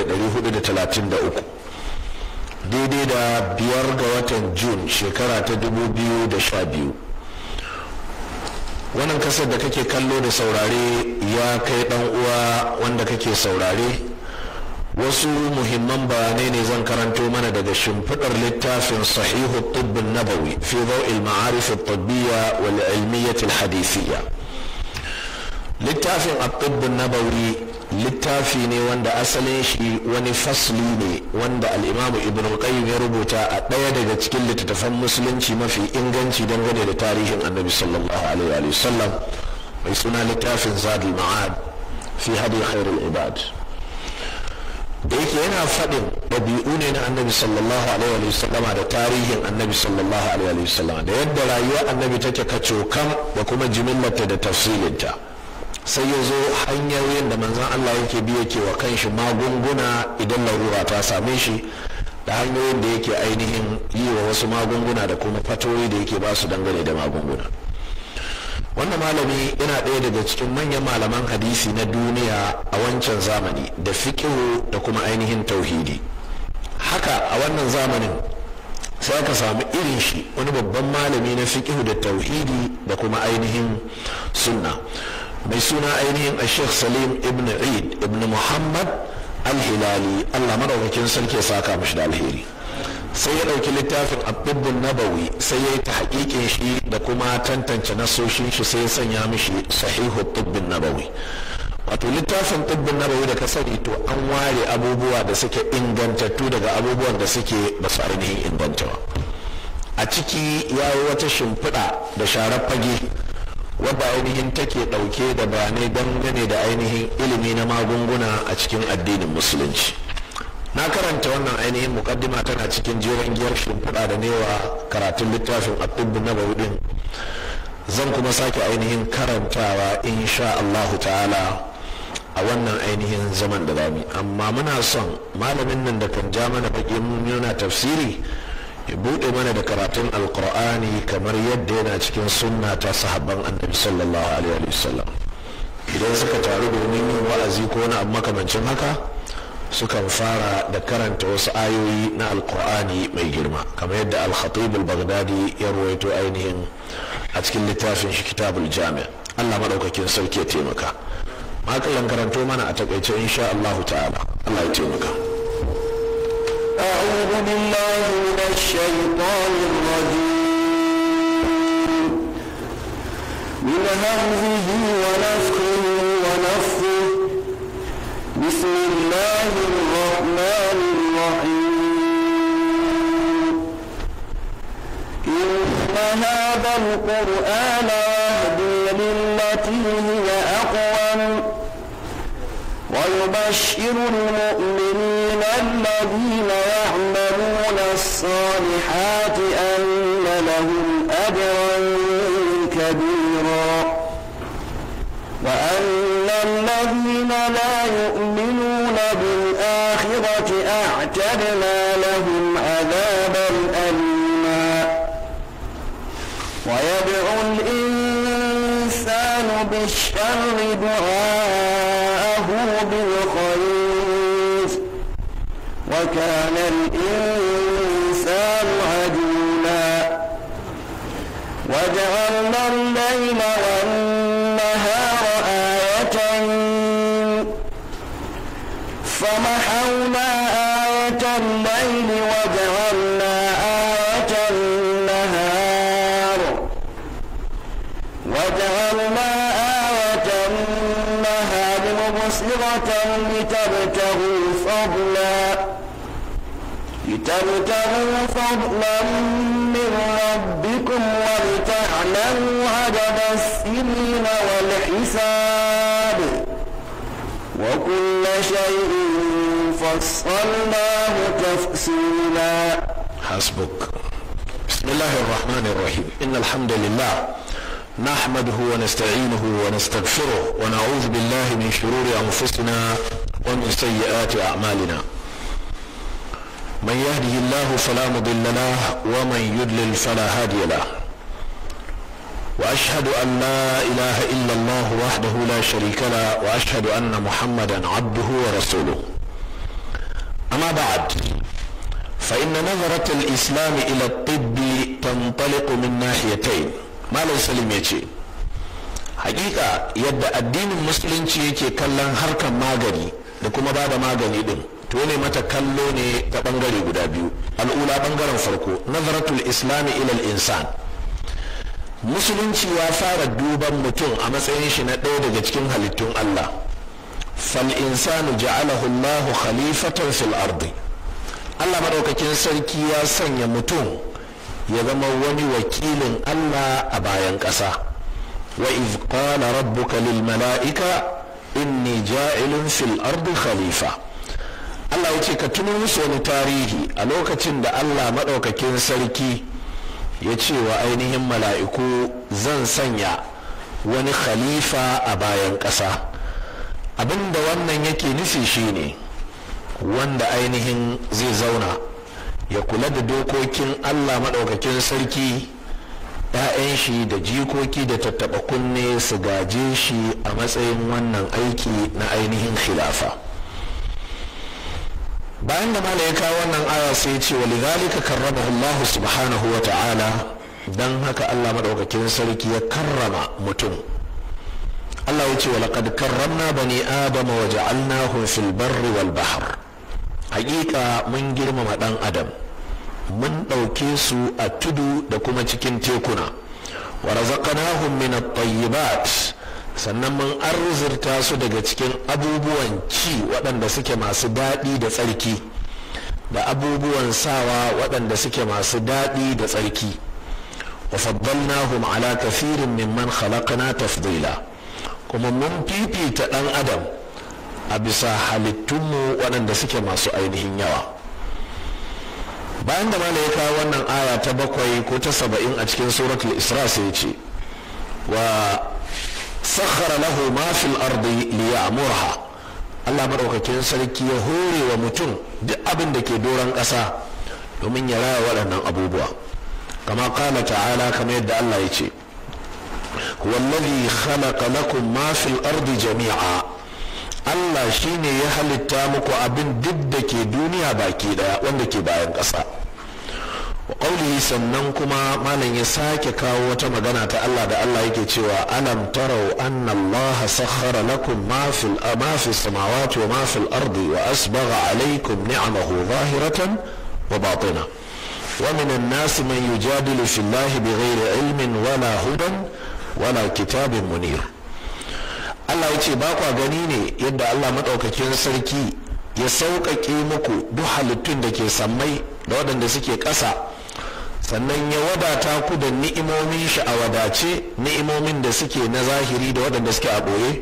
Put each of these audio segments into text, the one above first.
1433 daidai da biyar ga watan jun shekara ta 2012 wannan kasar da kake kallo da saurare ya kai dan uwa wanda kake saurare wasu muhimman bayanai ne zan karanto mana daga shimfiɗar littafin sahihu tubbin nabawi fi zau'il ma'arif at-tabbiyya wal littafin a tubbin nabawi littafi ne wanda asalin shi wani fasli ne wanda al'imamu ibn qayyim ya rubuta a ɗaya daga cikin littattafan musulunci mafi inganci dangane da tarihin annabi sallallahu alaihi wa sallam mai suna littafin zadul ma'ad fi hadi khairul ibad da yake yana faɗin ɗabi'u ne na annabi sallallahu alaihi wa sallama da tarihin annabi sallallahu alaihi wa sallama da yadda rayuwar annabi take kam da kuma jimillarta da tafsilinta sai ya zo hanyoyin da manzan Allah yake bi ke wa kanshi magunguna idan larura ta same shi da hanyoyin da yake ainihin yi wa wasu magunguna da kuma fatoyi da yake ba su dangane da magunguna wannan malami yana ɗaya daga cikin manyan malaman hadisi na duniya a wancan zamani da fikihu da kuma ainihin tauhidi haka a wannan zamanin sai aka samu irin shi wani babban malami na fikihu da tauhidi da kuma ainihin sunna mai suna ainihin a sheikh salim ibn eid ibn muhammad alhilali allah maɗaukakin sarki ya saka mashi da alheri sai ya ɗauki littafin abdullun nabawi sai ya yi ta haƙiƙin shi da kuma tantance nasoshin shi sai ya sanya mishi sahihu tubbin nabawi wato littafin tubbin nabawi da ka sani to an ware abubuwa da suke ingantattu daga abubuwan da suke ba su ainihin inganta a ciki ya yi wata shimfiɗa da sharar fage wadda ainihin take ɗauke da bayanai dangane da ainihin ilimi na magunguna a cikin addinin musulunci na karanta wannan ainihin mukaddima tana cikin jeron giyar shimfiɗa da newa karatun littafin abdubu na bauɗin zan kuma sake ainihin karantawa insha Allahu ta'ala a wannan ainihin zaman da zamu amma muna son malamin nan da kan ja mana baƙin muna tafsiri ya buɗe mana da karatun alkur'ani kamar yadda yana cikin sunna ta sahabban annabi sallallahu alaihi wasallam idan suka taru domin yin wa'azi ko na makamancin haka sukan fara da karanta wasu ayoyi na alkur'ani mai girma kamar yadda al-khatib al-baghdadi ya ruwaito ainihin a cikin littafin shi kitabul jami' Allah madaukakin sarki ya taimaka makalan karanto mana a takaice insha Allah ta'ala Allah ya taimaka أعوذ بالله من الشيطان الرجيم من همزه ونفخه ونفخه بسم الله الرحمن الرحيم إن هذا القرآن يهدي للتي هي أقوم ويبشر المؤمنين الذين الصالحات أن لهم أجرا كبيرا وأن الذين لا يؤمنون بالآخرة أعتدنا لهم عذابا أليما ويدعو الإنسان بالشر دعاء فضلا من ربكم ولتعلموا عدد السنين والحساب وكل شيء فصلناه تفصيلا حسبك بسم الله الرحمن الرحيم إن الحمد لله نحمده ونستعينه ونستغفره ونعوذ بالله من شرور أنفسنا ومن سيئات أعمالنا من يهده الله فلا مضل له ومن يضلل فلا هادي له واشهد ان لا اله الا الله وحده لا شريك له واشهد ان محمدا عبده ورسوله اما بعد فان نظره الاسلام الى الطب تنطلق من ناحيتين ما ليس لم حقيقه يبدا الدين المسلم يكي كلا هركا ماغني لكما بعد ماغني دم to mata kallo ne ta bangare guda biyu al'ula bangaren farko nazaratul islami ilal insan musulunci ya fara duban mutum a matsayin shi na ɗaya daga cikin halittun Allah fal insanu ja'alahu Allah khalifatan fil ardi Allah madaukakin sarki ya sanya mutum ya zama wani wakilin Allah a bayan ƙasa wa iz qala rabbuka lil mala'ika inni ja'ilun fil ardi khalifa Allah ya ce ka tuno musu wani tarihi a lokacin da Allah maɗaukakin sarki ya ce wa ainihin mala'iku zan sanya wani khalifa a bayan ƙasa abinda wannan yake nufi ne wanda ainihin zai zauna ya kula da dokokin Allah maɗaukakin sarki ‘ya'yan shi da jikoki da tattaɓa kunne su gaje shi a matsayin wannan aiki na ainihin khilafa. bayan da mala wannan aya sai ce wa lidhalika karramahu Allah subhanahu wa ta'ala dan haka Allah madaukakin sarki ya karrama mutum Allah ya ce wa laqad karramna bani adama wa ja'alnahum fil barri wal bahr hakika mun girmama dan adam mun ɗauke su a tudu da kuma cikin tekuna wa razaqnahum min at-tayyibat sannan mun arzurta su daga cikin abubuwan ci waɗanda suke masu daɗi da tsarki da abubuwan sawa waɗanda suke masu daɗi da tsarki wa faddalnahum ala kafirin mimman khalaqna tafdila kuma mun fifita ɗan adam a bisa halittunmu waɗanda suke masu ainihin yawa bayan da mala ya kawo wannan aya ta bakwai ko ta saba'in a cikin suratul isra sai ce wa sakhara lahu ma fil ardi ya'murha Allah madaukakin sarki ya hore wa mutum duk abin da ke doran kasa domin ya raya waɗannan abubuwa kama kana ta'ala kamar yadda Allah ya ce wallazi khalaqa lakum ma fil ardi jami'a Allah shine ya halitta muku abin duk da ke duniya baki daya wanda ke bayan kasa. wa qawlihi sannan kuma malam ya sake kawo wata magana ta Allah da Allah yake cewa alam taraw anna Allah sakhara lakum ma fil ma fis samawati wa ma fil ardi wa asbagha alaykum ni'amahu zahiratan wa batina wa min an-nas man yujadilu fillahi bighayri ilmin wala hudan wala kitabin munir Allah ya ce ba kwa gani ne yadda Allah madaukakin sarki ya sauƙaƙe muku duk halittun da ke sammai da waɗanda suke ƙasa sannan ya wadata ku da ni'imomin shi a wadace ni'imomin da suke na zahiri da waɗanda suke a ɓoye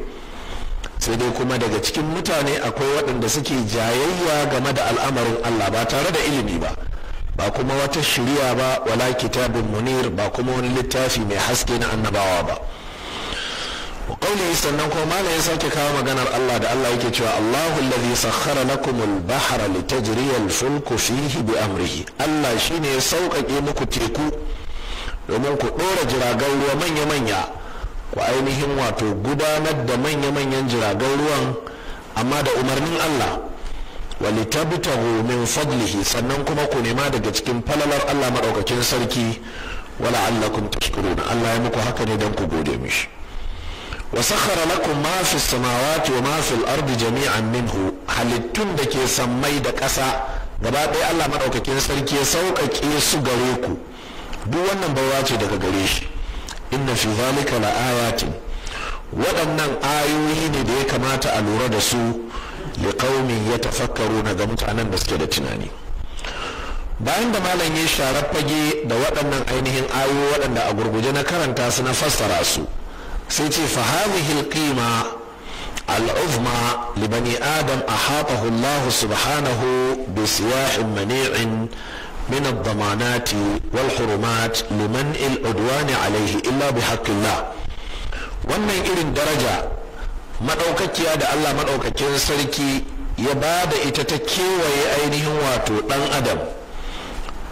sai dai kuma daga cikin mutane akwai waɗanda suke jayayya game da al'amarin Allah ba tare da ilimi ba ba kuma wata shiriya ba wala kitabin munir ba kuma wani littafi mai haske na annabawa ba wa sannan kuma malam ya sake kawo maganar Allah da Allah yake cewa Allahu alladhi sakhkhara lakum al-bahra litajriya al-fulku fihi bi amrihi Allah shine ya sauƙaƙe muku teku domin ku ɗora jiragen ruwa manya-manya ku ainihin wato gudanar da manya-manyan jiragen ruwan amma da umarnin Allah walitabtahu min fadlihi sannan kuma ku nema daga cikin falalar Allah madaukakin sarki wala allakum tashkuruna Allah ya muku haka ne don ku gode mishi wasu sakhara lakum ma fi samawati wa ma fil minhu halittun da ke sammai da ƙasa gabaɗaya Allah maɗaukakin sarki ya sauƙaƙe su gare ku duk wannan bawa ce daga gare shi inna fi zalika la'ayatin waɗannan ayoyi ne da ya kamata a lura da su liqaumin yatafakkaruna ga mutanen da suke da tunani bayan da malam ya sharaffage fage da waɗannan ainihin ayoyi waɗanda a gurguje na karanta su na fassara su sai ce fa hadhihi al'uzma li bani adam ahatahu Allah subhanahu bi siyahin mani'in من الضمانات والحرمات لمنع العدوان عليه إلا بحق الله wannan irin daraja madaukakiya da Allah maɗaukakin sarki ya ba da ita ta kewaye ainihin wato ɗan adam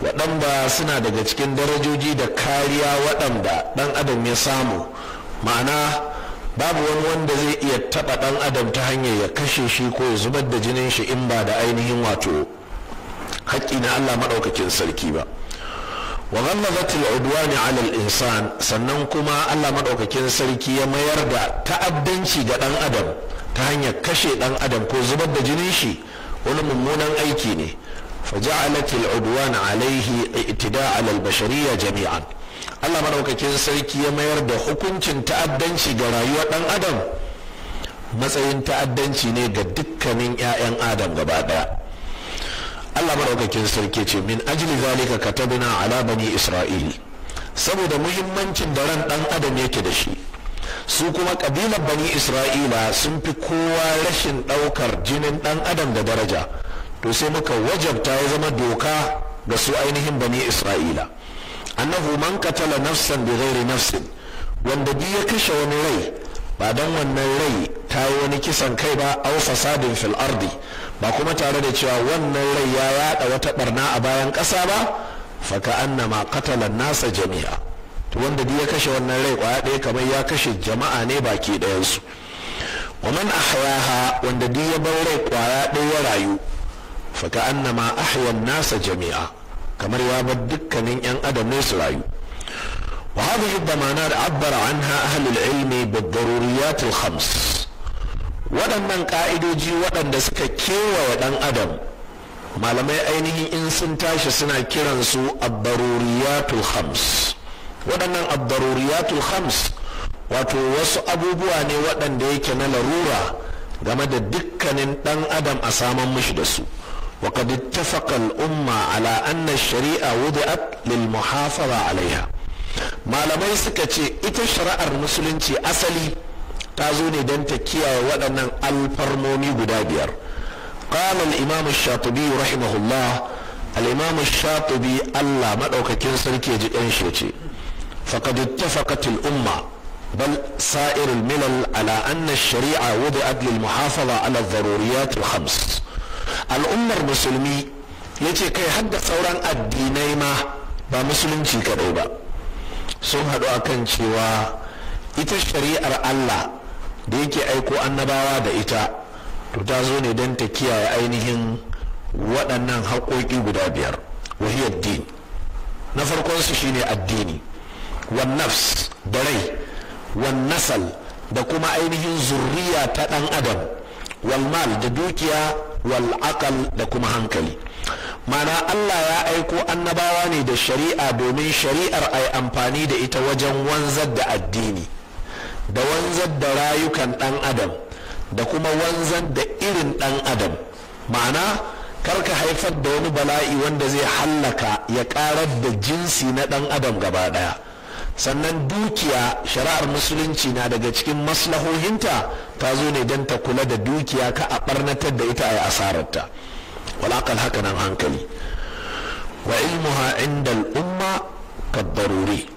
waɗanda suna daga cikin darajoji da kariya waɗanda ɗan adam ya samu ma'ana babu wani wanda zai iya taɓa ɗan adam ta hanyar ya kashe shi ko ya zubar da jinin shi in ba da ainihin wato haƙƙi na allah maɗaukakin sarki ba wa ta lauduwa ala al-insan sannan kuma Allah maɗaukakin sarki ya mayar da ta'addanci ga dan adam ta hanyar kashe dan adam ko zubar da jinin shi wani mummunan aiki ne fa faja'alatil udwan alaihi i'tida ala al-bashariyya jami'an Allah Maɗaukakin sarki ya mayar da hukuncin ta'addanci ga rayuwar ɗan adam matsayin ta'addanci ne ga dukkanin 'ya'yan adam gaba daya Allah Maɗaukakin sarki ce min ajli zalika katabna ala bani isra'il saboda muhimmancin da ran dan adam yake da shi su kuma kabilar bani isra'ila sun fi kowa rashin ɗaukar jinin ɗan adam da daraja to sai muka wajabta ya zama doka ga su ainihin bani isra'ila annahu man qatala nafsan bighairi nafsin wanda duk ya kashe wani rai ba dan wannan rai ta yi wani kisan kai ba aw fasadin fil ardi ba kuma tare da cewa wannan rai ya yada wata barna a bayan ƙasa ba ka annama qatala nasa jami'a to wanda duk ya kashe wannan rai kwaya ɗaya kamar ya kashe jama'a ne baki ɗayansu wa man ahyaha wanda duk ya bar rai kwaya ɗaya ya rayu faka annama nasa jami'a kamar ya bar dukkanin 'yan adam ne su rayu وهذه الضمانات عبر عنها أهل ilmi بالضروريات khams waɗannan ƙa'idoji waɗanda suka kewaye ɗan adam malamai ainihin in sun tashi suna kiransu abbaruriyatul khams waɗannan abbaruriyatul khams wato wasu abubuwa ne waɗanda yake na larura game da dukkanin ɗan adam a saman mishi da su وقد اتفق الأمة على أن الشريعة وضعت للمحافظة عليها ما لم يسكت اتشرع المسلمين أصلي تازوني دنتكيا ودنا الفرمومي بدابير قال الإمام الشاطبي رحمه الله الإمام الشاطبي الله مدعوك كنسر كيجي أنشيتي فقد اتفقت الأمة بل سائر الملل على أن الشريعة وضعت للمحافظة على الضروريات الخمس al'ummar musulmi ya ce kai hadda sauran addinai ma ba musulunci kaɗai ba sun haɗu a kan cewa ita shari'ar allah da yake aiko annabawa da ita to ta zo ne don ta kiyaye ainihin waɗannan haƙoƙi guda biyar wahiyar din na farkon farkonsu shine addini wan nafs da rai wan nasal da kuma ainihin zurriya ta ɗan adam walmal da dukiya wal'akal da kuma hankali mana Allah ya aiko annabawa ne da shari'a domin shari'ar ai amfani da ita wajen wanzar da addini da wanzar da rayukan ɗan adam da kuma wanzar da irin ɗan adam ma'ana karka haifar da wani bala'i wanda zai hallaka ya ƙarar da jinsi na ɗan adam gaba ɗaya sannan dukiya shari'ar musulunci na daga cikin maslahohinta ta zo ne don ta kula da dukiya ka a barnatar da ita a yi asararta walakal haka nan hankali wa ilmuha inda al'umma ka daruri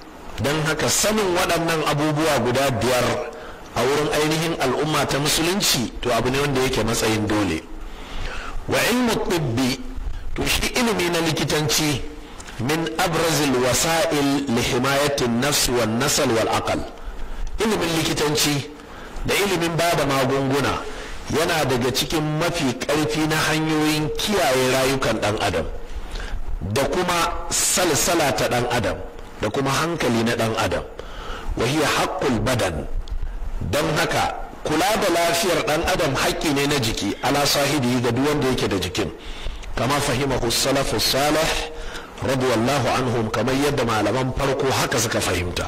don haka sanin waɗannan abubuwa guda biyar a wurin ainihin al'umma ta musulunci to abu ne wanda yake matsayin dole wa ilmu tibbi to shi ilimi na likitanci min abrazil wasa'il li himayatin والنسل والعقل nasal من ilimin likitanci da ilimin bada magunguna yana daga cikin mafi ƙarfi na hanyoyin kiyaye rayukan ɗan adam da kuma salsala ta ɗan adam da kuma hankali na ɗan adam wahiya haƙƙul badan don haka kula da lafiyar ɗan adam haƙƙi ne na jiki ala sahibi ga duk wanda yake da jikin kama fahimahu salafu salih radiyallahu anhum kamar yadda malaman farko haka suka fahimta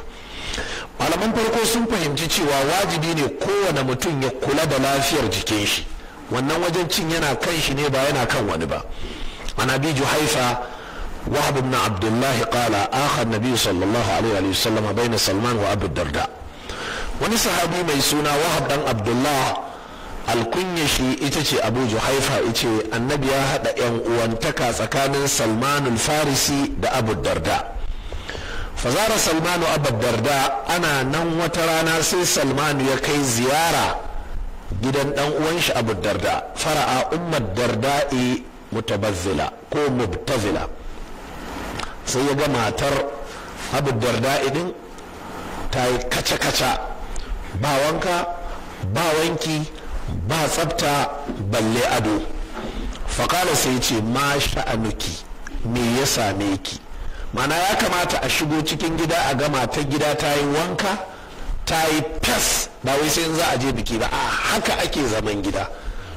malaman farko sun fahimci cewa wajibi ne kowane mutum ya kula da lafiyar jikin shi wannan wajen cin yana kan shi ne ba yana kan wani ba an abi juhaifa wahab ibn abdullah qala akha nabi sallallahu alaihi wa sallam baina salman wa abu darda wani sahabi mai suna wahab dan abdullah alkunya shi ita ce abu juhaifa ice annabi ya haɗa yan uwantaka tsakanin salmanul farisi da abu darda fazara salman abu darda ana nan wata rana sai salmanu ya kai ziyara gidan dan uwan shi abu darda fara'a ummar darda'i mutabazzila ko mubtazila sai ya ga matar abu darda idin ta yi kaca-kaca ba wanka ba wanki ba tsafta balle ado faƙala sai ce ma sha'anuki me ya same ki mana ya kamata a shigo cikin gida a gama ta gida ta yi wanka ta yi fes ba wai sai za a je biki ba a haka ake zaman gida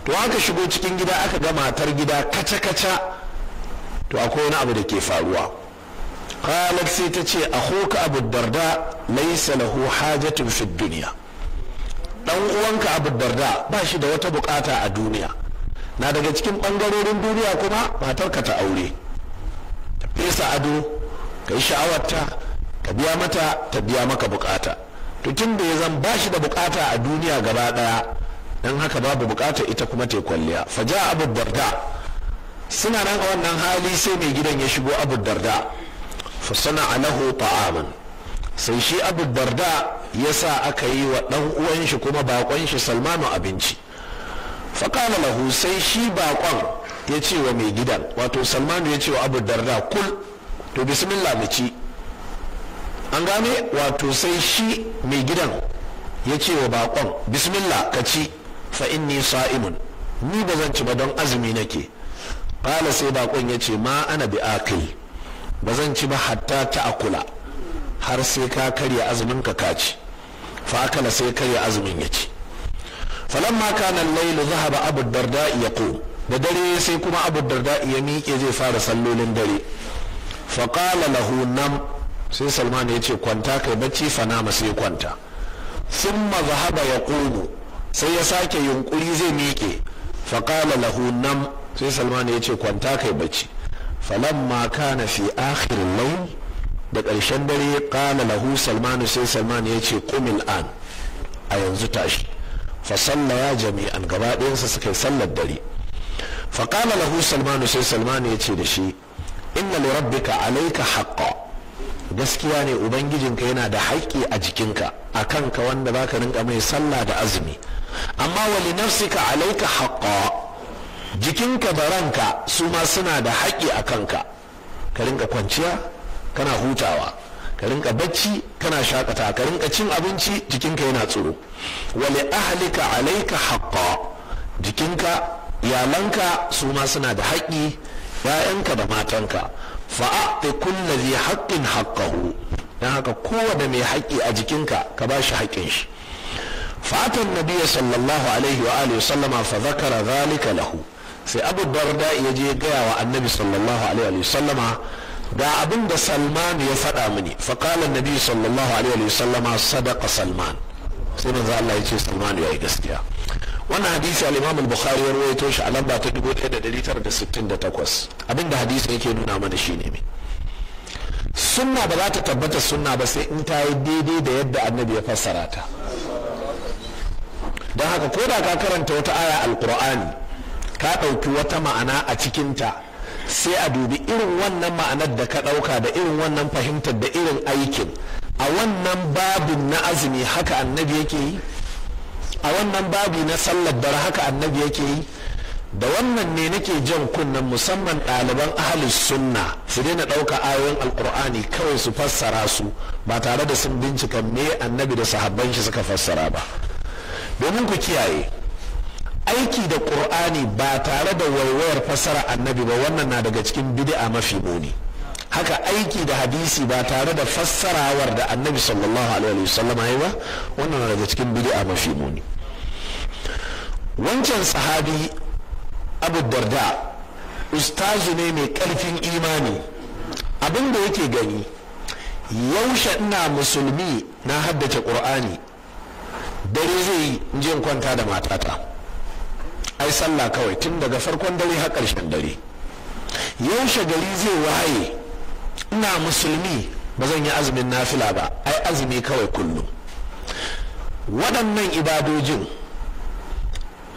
to aka shigo cikin gida aka ga matar gida kaca-kaca to akwai wani abu da ke faruwa qalat sai ta ce hoka abu darda laisa lahu hajatun fi duniya dan uwanka abu darda ba shi da wata bukata a duniya na daga cikin bangarorin duniya kuma matarka ta aure ta fesa ado ka yi sha'awarta ka biya mata ta biya maka bukata to tun da ya zan ba shi da bukata a duniya gaba daya dan haka babu bukata ita kuma ta kwalliya faja abu darda suna nan a wannan hali sai mai gidan ya shigo abu darda fasana alahu ta'aman sai shi abu barda ya sa aka yi wa ɗan uwan shi kuma bakon shi salmanu abinci fakana lahu sai shi bakon ya ce wa mai gidan wato salmanu ya ce wa abu darda kul to bismillah mu ci an gane wato sai shi mai gidan ya ce wa bakon bismillah ka ci fa inni sa'imun ni ba zan ci ba don azumi nake kala sai bakon ya ce ma ana bi akil ba zan ci ba hatta ta akula har sai ka karya azumin ka kaci fa akala sai karya azumin ya ci falamma kana laylu zahaba abu darda ku da dare sai kuma abu darda ya miƙe zai fara sallolin dare fa qala lahu nam sai salman ya ce kwanta kai bacci fa nama sai kwanta thumma ya yaqumu sai ya sake yunkuri zai miƙe fa qala lahu nam sai salman ya ce kwanta kai bacci falamma kana fi akhir launi. layl da ƙarshen dare ƙala lahu salmanu sai salman ya ce kumil an a yanzu tashi Fa salla ya jami'an gaba ɗayansa suka yi sallar dare Fa ƙala lahu salmanu sai salman ya ce da shi inna li rabbika alaika haqqa gaskiya ne ubangijinka yana da haƙƙi a jikinka a kanka wanda ka rinka mai sallah da azumi amma wali nafsika alaika haqqa jikinka da ranka su ma suna da haƙƙi a kanka ka rinka kwanciya kana hutawa ka rinka bacci kana shakata ka rinka cin abinci jikinka yana tsoro wale ahlika alaika haqqa jikinka iyalanka su ma suna da haƙƙi ‘ya'yanka da matanka fa'aɗe kulla zai haƙƙin haƙƙahu don haka kowane mai haƙƙi a jikinka ka ba shi haƙƙin shi fatan nabiya sallallahu alaihi wa alihi sallama fa zakara zalika lahu sai abu darda ya je gaya wa annabi sallallahu alaihi wa sallama ga abin da salman ya faɗa mini faƙalar nabi sallallahu alaihi wa sallama sadaka salman sai manzo Allah ya ce salman ya yi gaskiya wannan hadisi al-imam al-bukhari ya rawaito shi a lamba ta 1968 abin da hadisi yake nuna mana shine me sunna ba za ta tabbata sunna ba sai in ta yi daidai da yadda annabi ya fassara ta don haka ko da ka karanta wata aya alkur'ani ka ɗauki wata ma'ana a cikinta sai a dubi irin wannan ma'anar da ka ɗauka da irin wannan fahimtar da irin aikin a wannan babin na azumi haka annabi yake yi a wannan babi na sallar dare haka annabi yake yi da wannan ne nake jan kunnen musamman ɗaliban ahalus sunna su daina ɗauka ayoyin alkur'ani kawai su fassara su ba tare da sun bincika me annabi da sahabban shi suka fassara ba domin ku kiyaye aiki da ƙur'ani ba tare da waiwayar fasara annabi ba wannan na daga cikin bid'a mafi muni haka aiki da hadisi ba tare da fassarawar da annabi sallallahu alaihi wasallam ya ba wannan na daga cikin bid'a mafi muni wancan sahabi abu darda ustazu ne mai karfin imani abin da yake gani yaushe ina musulmi na haddace ƙur'ani dare zai yi in kwanta da matata ai sallah kawai tun daga farkon dare har ƙarshen dare yaushe gari zai waye ina musulmi ba zan yi azumin nafila ba ai azumi kawai kullum waɗannan ibadojin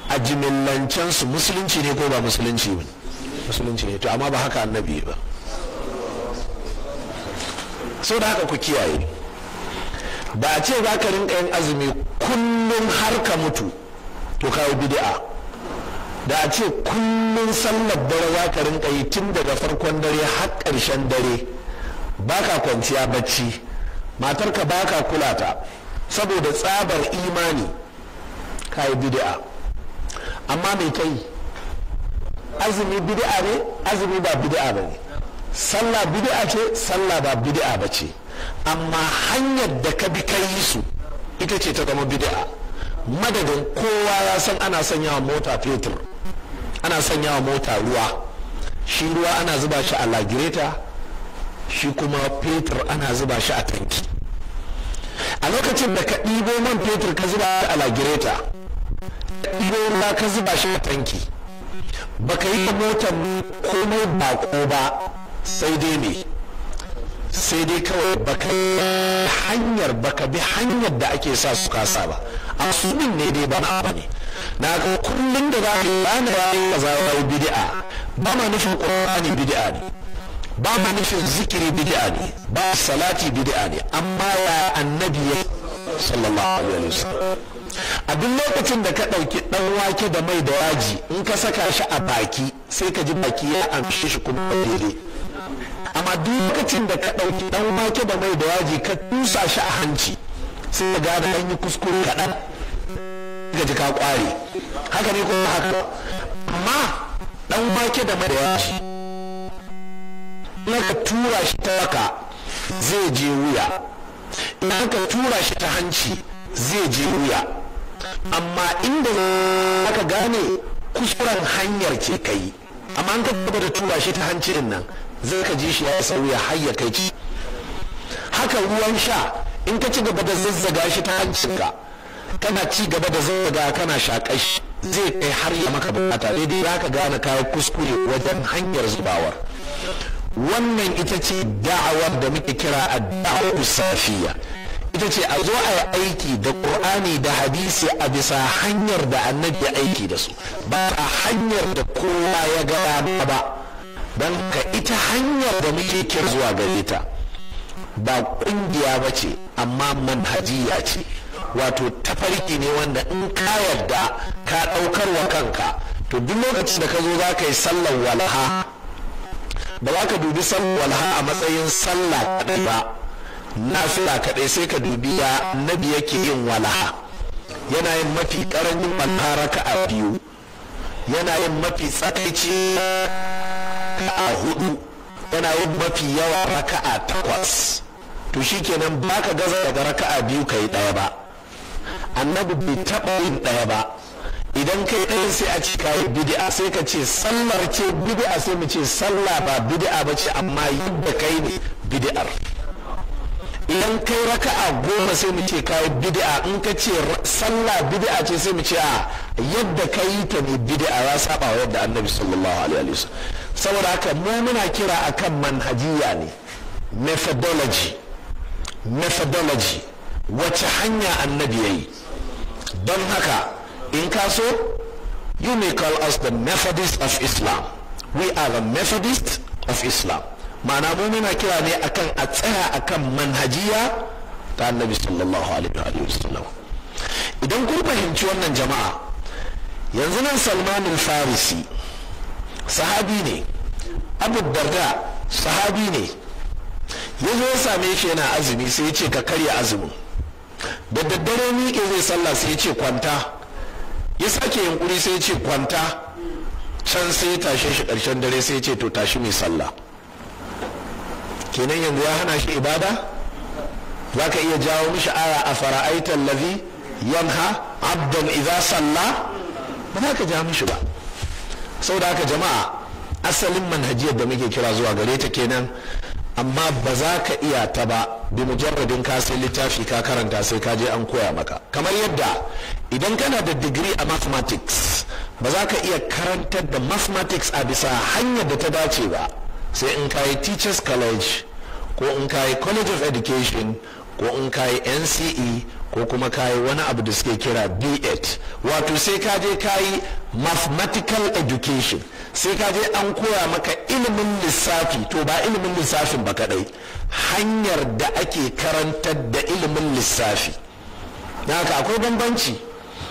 a jimillancensu musulunci ne ko ba musulunci ne musulunci ne to amma ba haka annabi ba so da haka ku kiyaye ba a ce za ka rinka yin azumi kullum har ka mutu to kawo bid'a da a ce kullum sallar dare za ka rinka yi tun daga farkon dare har ƙarshen dare ba ka kwanciya bacci matarka ba ka kula ta saboda tsabar imani ka yi bid'a amma mai kai azumi bid'a ne azumi ba bid'a ba ne sallah bid'a ce sallah ba bid'a ba ce amma hanyar da ka bi kai su ita ce ta zama bid'a madadin kowa ya san ana sanya wa mota fetur ana sanya wa mota ruwa shi ruwa ana zuba shi a lagireta shi kuma fetur ana zuba shi a tanki a lokacin da ka ɗibo man fetur ka zuba a lagireta ka ɗibo ruwa ka zuba shi a tanki baka yi motar komai bako ba sai dai ne sai dai kawai baka hanyar baka bi hanyar da ake sa su kasa ba a su ne dai ba na ba ne na ga kullum da za ka yi bana yayi kaza yayi bid'a ba ma nufin qur'ani bid'a ne ba ma nufin zikiri bid'a ne ba salati bid'a ne amma ya annabi ya sallallahu alaihi wasallam a duk lokacin da ka ɗauki ɗan wake da mai da yaji in ka saka shi a baki sai ka ji baki ya amshe shi kuma daidai amma duk lokacin da ka ɗauki ɗan wake da mai da yaji ka tusa shi a hanci sai ka gane an yi kuskure kaɗan ka ji ka haka ne kuma haka amma ɗan wake da mai da yaji Ina ka tura shi ta waka zai je wuya Ina ka tura shi ta hanci zai je wuya amma inda aka gane kuskuren hanyar ce kai amma an ka da tura shi ta hancin nan zai ka ji shi ya sauya har ya kai ci haka ruwan sha in ka ci gaba da zazzaga shi ta hancinka kana ci gaba da zazzaga kana shaƙa shi zai kai har ya maka bukata daidai za ka gane kayan kuskure wajen hanyar zubawar wannan ita ce da'awar da muke kira a da'awar safiya ita ce a zo a yi aiki da ƙur'ani da hadisi a bisa hanyar da annabi aiki da su ba a hanyar da kowa ya gaba ba don ka ita hanyar da muke kira zuwa gare ta ba kungiya ba ce amma manhajiya ce wato tafarki ne wanda in ka yarda ka daukar wa kanka to duk lokacin da ka zo za ka yi sallar walha ba za ka dubi sallar walha a matsayin sallah kadai ba na fila kadai sai ka dubi ya nabi yake yin walha yana yin mafi karamin walha raka a biyu yana yin mafi tsakaici raka'a hudu yana yin mafi yawa raka'a takwas to shikenan baka gaza daga raka'a biyu kai ɗaya ba annabi bai taɓa yin ɗaya ba idan kai ɗaya sai a ce kayi bid'a sai ka ce sallar ce bid'a sai mu ce sallah ba bid'a ba ce amma yadda kai ne bid'ar idan kai raka'a goma sai mu ce kayi bid'a in ka ce sallah bid'a ce sai mu ce a yadda ka ta ne bid'a ya saba wa yadda annabi sallallahu alaihi wasallam saboda haka mu muna kira akan manhajiya ne methodology methodology wace hanya annabi yayi yi don haka in ka so you may call us the methodists of islam we are the methodists of islam ma'ana mu muna kira ne akan a tsaya akan manhajiya ta annabi sallallahu alaihi wa sallam idan kun fahimci wannan jama'a yanzu nan salmanin farisi sahabi ne abu darda sahabi ne ya zo ya same shi yana azumi sai ya ce ka karya azumi da daddare miƙe zai sallah sai ya ce kwanta ya sake yankuri sai ya ce kwanta can sai ya tashe shi ƙarshen dare sai ya ce to tashi mai sallah kenan yanzu ya hana shi ibada za ka iya jawo mishi aya a fara'aitar lazi yanha abdan iza sallah ba za ka ja mishi ba sau da haka jama'a asalin manhajiyar da muke kira zuwa gare ta kenan amma ba za ka iya ta ba bi mujarradin ka sai littafi ka karanta sai ka je an koya maka kamar yadda idan kana da digiri a mathematics ba za ka iya karantar da mathematics a bisa hanyar da ta dace ba sai in ka yi teachers college ko in ka yi college of education ko in ka yi nce ko kuma kayi wani abu da suke kira B.Ed wato sai ka je kayi mathematical education sai ka je an koya maka ilimin lissafi to ba ilimin lissafin ba kadai hanyar da ake karantar da ilimin lissafi na haka akwai bambanci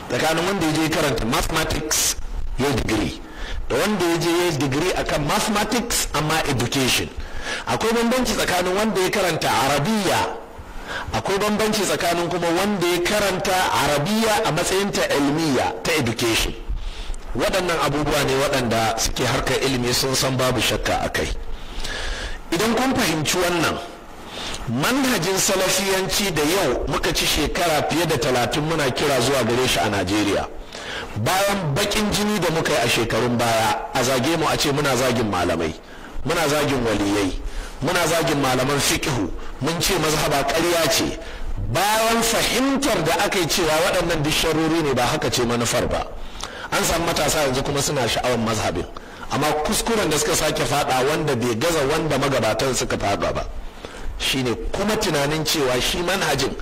tsakanin wanda ya je karanta mathematics ya digiri da wanda ya je ya digiri akan mathematics amma education akwai bambanci tsakanin wanda ya karanta arabiya akwai bambanci tsakanin kuma wanda ya karanta arabiya a matsayin ta ilmiya ta education waɗannan abubuwa ne waɗanda suke harka ilimi sun san babu shakka a kai idan kun fahimci wannan manhajin salafiyanci da yau muka ci shekara fiye da talatin muna kira zuwa gare shi a najeriya bayan bakin jini da muka yi a shekarun baya a zage mu a ce muna zagin malamai muna zagin waliyai muna zagin malaman fiqhu mun ce mazhaba ƙarya ce bayan fahimtar da aka yi cewa waɗannan disharori ne ba haka ce manufar ba an samu matasa yanzu kuma suna sha'awar mazhabin amma kuskuren da suka sake faɗa wanda bai gaza wanda magabatan suka faɗa ba shine kuma tunanin cewa shi manhajin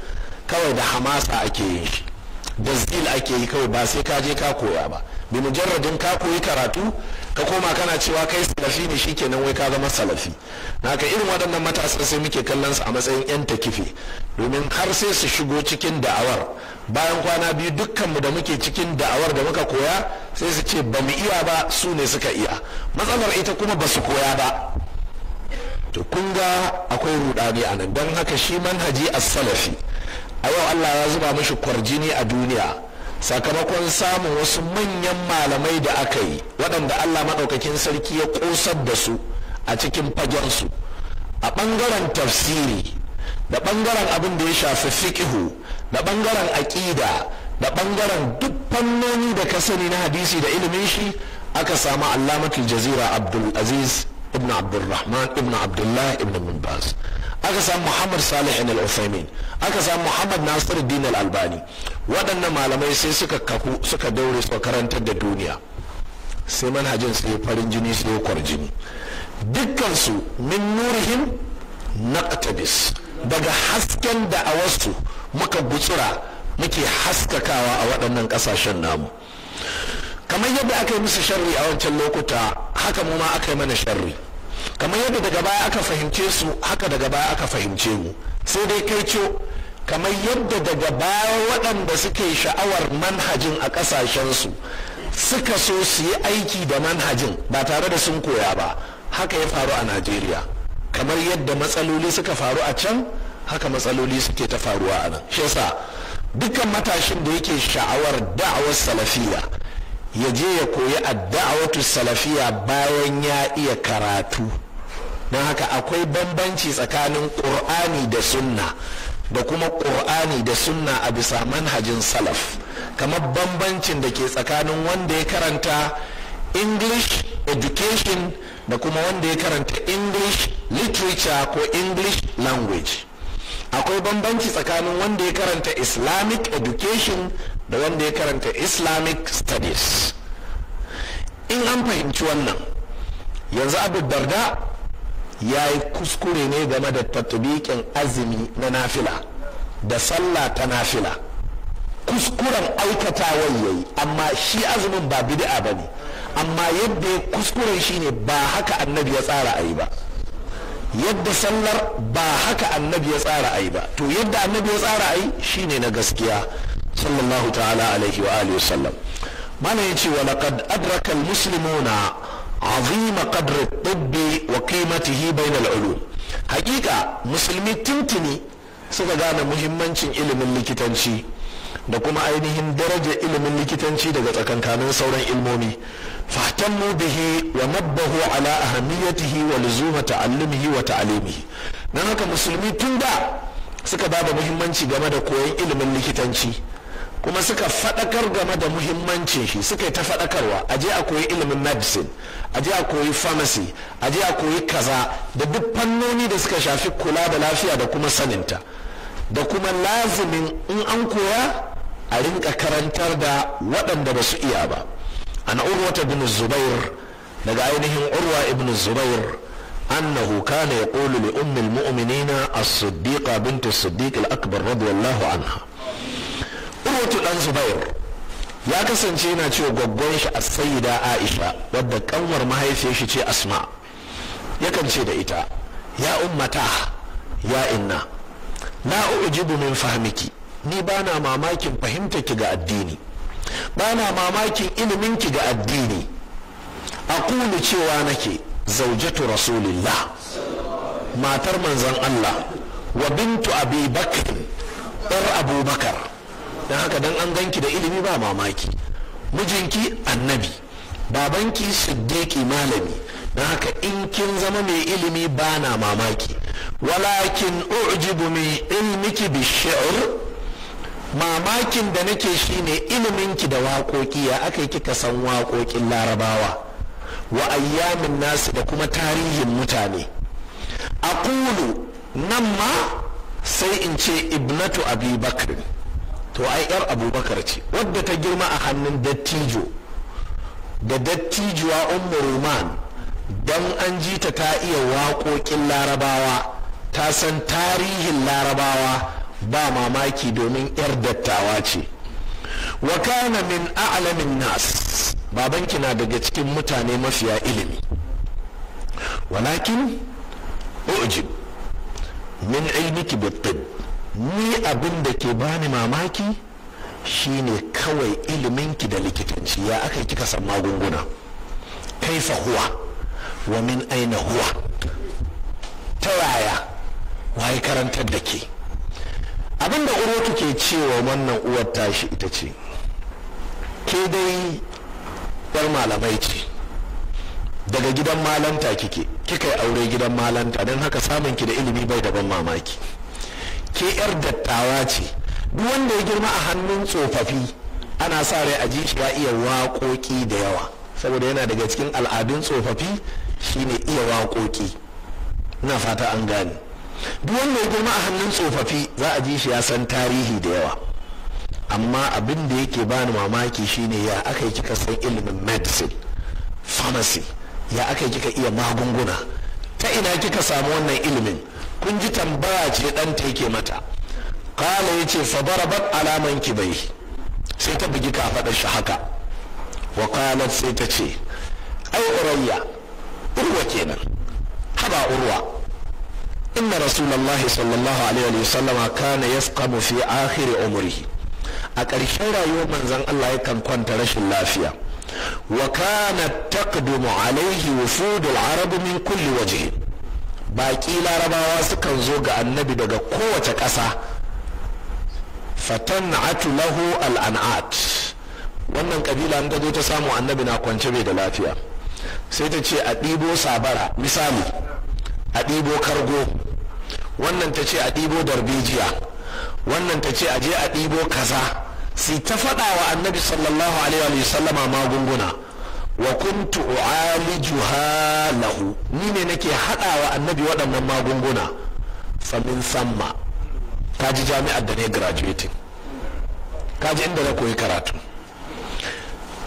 kawai da hamasa ake yin shi da zil ake yi kawai ba sai ka je ka koya ba bi mujarradin ka koyi karatu ka koma kana cewa kai salafi ne shi shikenan wai ka zama salafi na ka irin waɗannan matasa sai muke kallon su a matsayin yan takife domin har sai su shigo cikin da'awar bayan kwana biyu dukkanmu da muke cikin da'awar da muka koya sai su ce ba mu iya ba su ne suka iya matsalar ita kuma ba su koya ba to kun ga akwai rudani a nan don haka shi manhaji a salafi a yau Allah ya zuba mashi kwarjini a duniya sakamakon samun wasu manyan malamai da aka yi waɗanda allah maɗaukakin sarki ya ƙosar da su a cikin fagensu a ɓangaren tafsiri da ɓangaren abin da ya shafi fiƙihu da ɓangaren aƙida da ɓangaren duk fannoni da ka sani na hadisi da ilimin shi aka samu allamatul jazira abdul aziz ibn abdulrahman ibn abdullah ibn munbaz aka samu muhammad salih al-uthaymin aka samu muhammad nasiruddin al-albani waɗannan malamai sai suka kafu suka daure su karantar da duniya sai manhajin su ya farin jini su yi kwarjini dukkansu min nurihim daga hasken da a wasu muka gutsura muke haskakawa a waɗannan ƙasashen namu kamar yadda aka yi musu sharri a wancan lokuta haka mu ma aka yi mana sharri kamar yadda daga baya aka fahimce su haka daga baya aka fahimce mu sai dai kai ciwo kamar yadda daga baya waɗanda suke sha'awar manhajin a ƙasashensu suka so su yi aiki da manhajin ba tare da sun koya ba haka ya faru a najeriya kamar yadda matsaloli suka faru a can haka matsaloli suke ta faruwa a nan shi yasa dukkan matashin da yake sha'awar da'awar salafiya ya je ya koyi adda'awatu salafiya bayan ya iya karatu don haka akwai bambanci tsakanin ƙur'ani da sunna da kuma ƙur'ani da sunna a bisa manhajin salaf kamar bambancin da ke tsakanin wanda ya karanta english education da kuma wanda ya karanta english literature ko english language akwai bambanci tsakanin wanda ya karanta islamic education da wanda ya karanta islamic studies in an fahimci wannan yanzu abu darda ya yi kuskure ne game da tattabikin azumi na nafila da sallah ta nafila kuskuren aikata yayi amma shi azumin ba bid'a ba ne amma yadda ya kuskure shi ne ba haka annabi ya tsara a yi ba yadda sallar ba haka annabi ya tsara a yi ba to yadda annabi ya tsara a yi shi ne na gaskiya sallallahu ta'ala alaihi wa alihi wasallam mana ya ce wa laqad adraka al azima qadri tibbi wa qimatihi bainal ulum hakika musulmi tuntuni suka gane muhimmancin ilimin likitanci da kuma ainihin daraja ilimin likitanci daga tsakankanin sauran ilmomi fahtammu bihi wa nabbahu ala ahamiyatihi wa luzuma ta'allumihi wa ta'alimihi dan haka musulmi tun da suka bada muhimmanci game da koyon ilimin likitanci kuma suka faɗakar game da muhimmancin shi suka yi ta faɗakarwa a je a koyi ilimin medicine a je a koyi pharmacy a je a koyi kaza da duk fannoni da suka shafi kula da lafiya da kuma saninta da kuma lazumin in an koya a rinka karantar da waɗanda ba su iya ba an urwata ibn zubair daga ainihin urwa ibn zubair أنه كان يقول لأم المؤمنين الصديقة بنت الصديق الأكبر رضي الله عنها urwatu dan zubair ya kasance yana cewa gwaggon shi a sayida aisha wadda kanwar mahaifiyar shi ce asma yakan ce da ita ya ummata ya inna na ujibu min fahimki ni bana mamakin fahimta ki ga addini bana mamakin ilimin ki ga addini a kuli cewa nake zaujatu rasulillah matar manzon Allah wa bintu abi bakr ɗar abubakar don haka dan an ganki da ilimi ba mamaki mijinki annabi babanki siddiqi malami don haka in kin zama mai ilimi ba na mamaki walakin u'jibu mai ilmiki bi shi'r mamakin da nake shine iliminki da waƙoƙi ya aka yi kika san waƙoƙin larabawa wa ayyamin nasu da kuma tarihin mutane kulu. nan ma sai in ce ibnatu abi to ai yar abubakar ce wadda ta girma a hannun dattijo da dattijuwa ummu roman don an ji ta ta iya waƙoƙin larabawa ta san tarihin larabawa ba mamaki domin yar dattawa ce wa kana min a'lamin nas babanki na daga cikin mutane mafiya ilimi walakin ujib min ilmiki bi ni abin da ke bani mamaki shine kawai iliminki da likitanci ya aka kika san magunguna kaifa huwa wa min aina huwa ta yaya waye karantar da ke abin da Urutu ke cewa wannan uwar tashi ita ce ke dai yar malamai ce daga gidan malanta kike kika yi aure gidan malanta don haka samunki da ilimi bai daban mamaki ke yar dattawa ce duk wanda ya girma a hannun tsofaffi ana sa rai a ji ya iya waƙoƙi da yawa saboda yana daga cikin al'adun tsofaffi shine iya waƙoƙi ina fata an gane duk wanda ya girma a hannun tsofaffi za a ji shi ya san tarihi da yawa amma abin da yake bani mamaki shine ya aka yi kika san ilimin medicine pharmacy ya aka yi kika iya magunguna ta ina kika samu wannan ilimin kun ji tambaya ce dan ta yake mata kala ya ce fadarabat alaman kibai sai ta bugi kafaɗa shi haka wa kalat sai ce ai urayya urwa kenan haba urwa inna rasulullahi sallallahu alaihi wa sallama kana yafqamu fi akhir umrihi a ƙarshen rayuwar manzon Allah ya kan kwanta rashin lafiya wa kana taqdumu alaihi wufudul arab min kulli wajhin baƙi larabawa sukan zo ga annabi daga kowace ƙasa fatan lahu al'an'at wannan ƙabila ta zo ta samu annabi na kwance bai da lafiya sai ta ce a ɗibo sabara misali a ɗibo kargo wannan ta ce a ɗibo darbejiya wannan ta ce a je a ɗibo kaza sai ta faɗa wa annabi sallallahu alaihi wa sallama magunguna wa kuntu u'alijuha lahu ni ne nake haɗawa annabi waɗannan magunguna min samma ka jami'ar da ne graduating ka ji inda na koyi karatu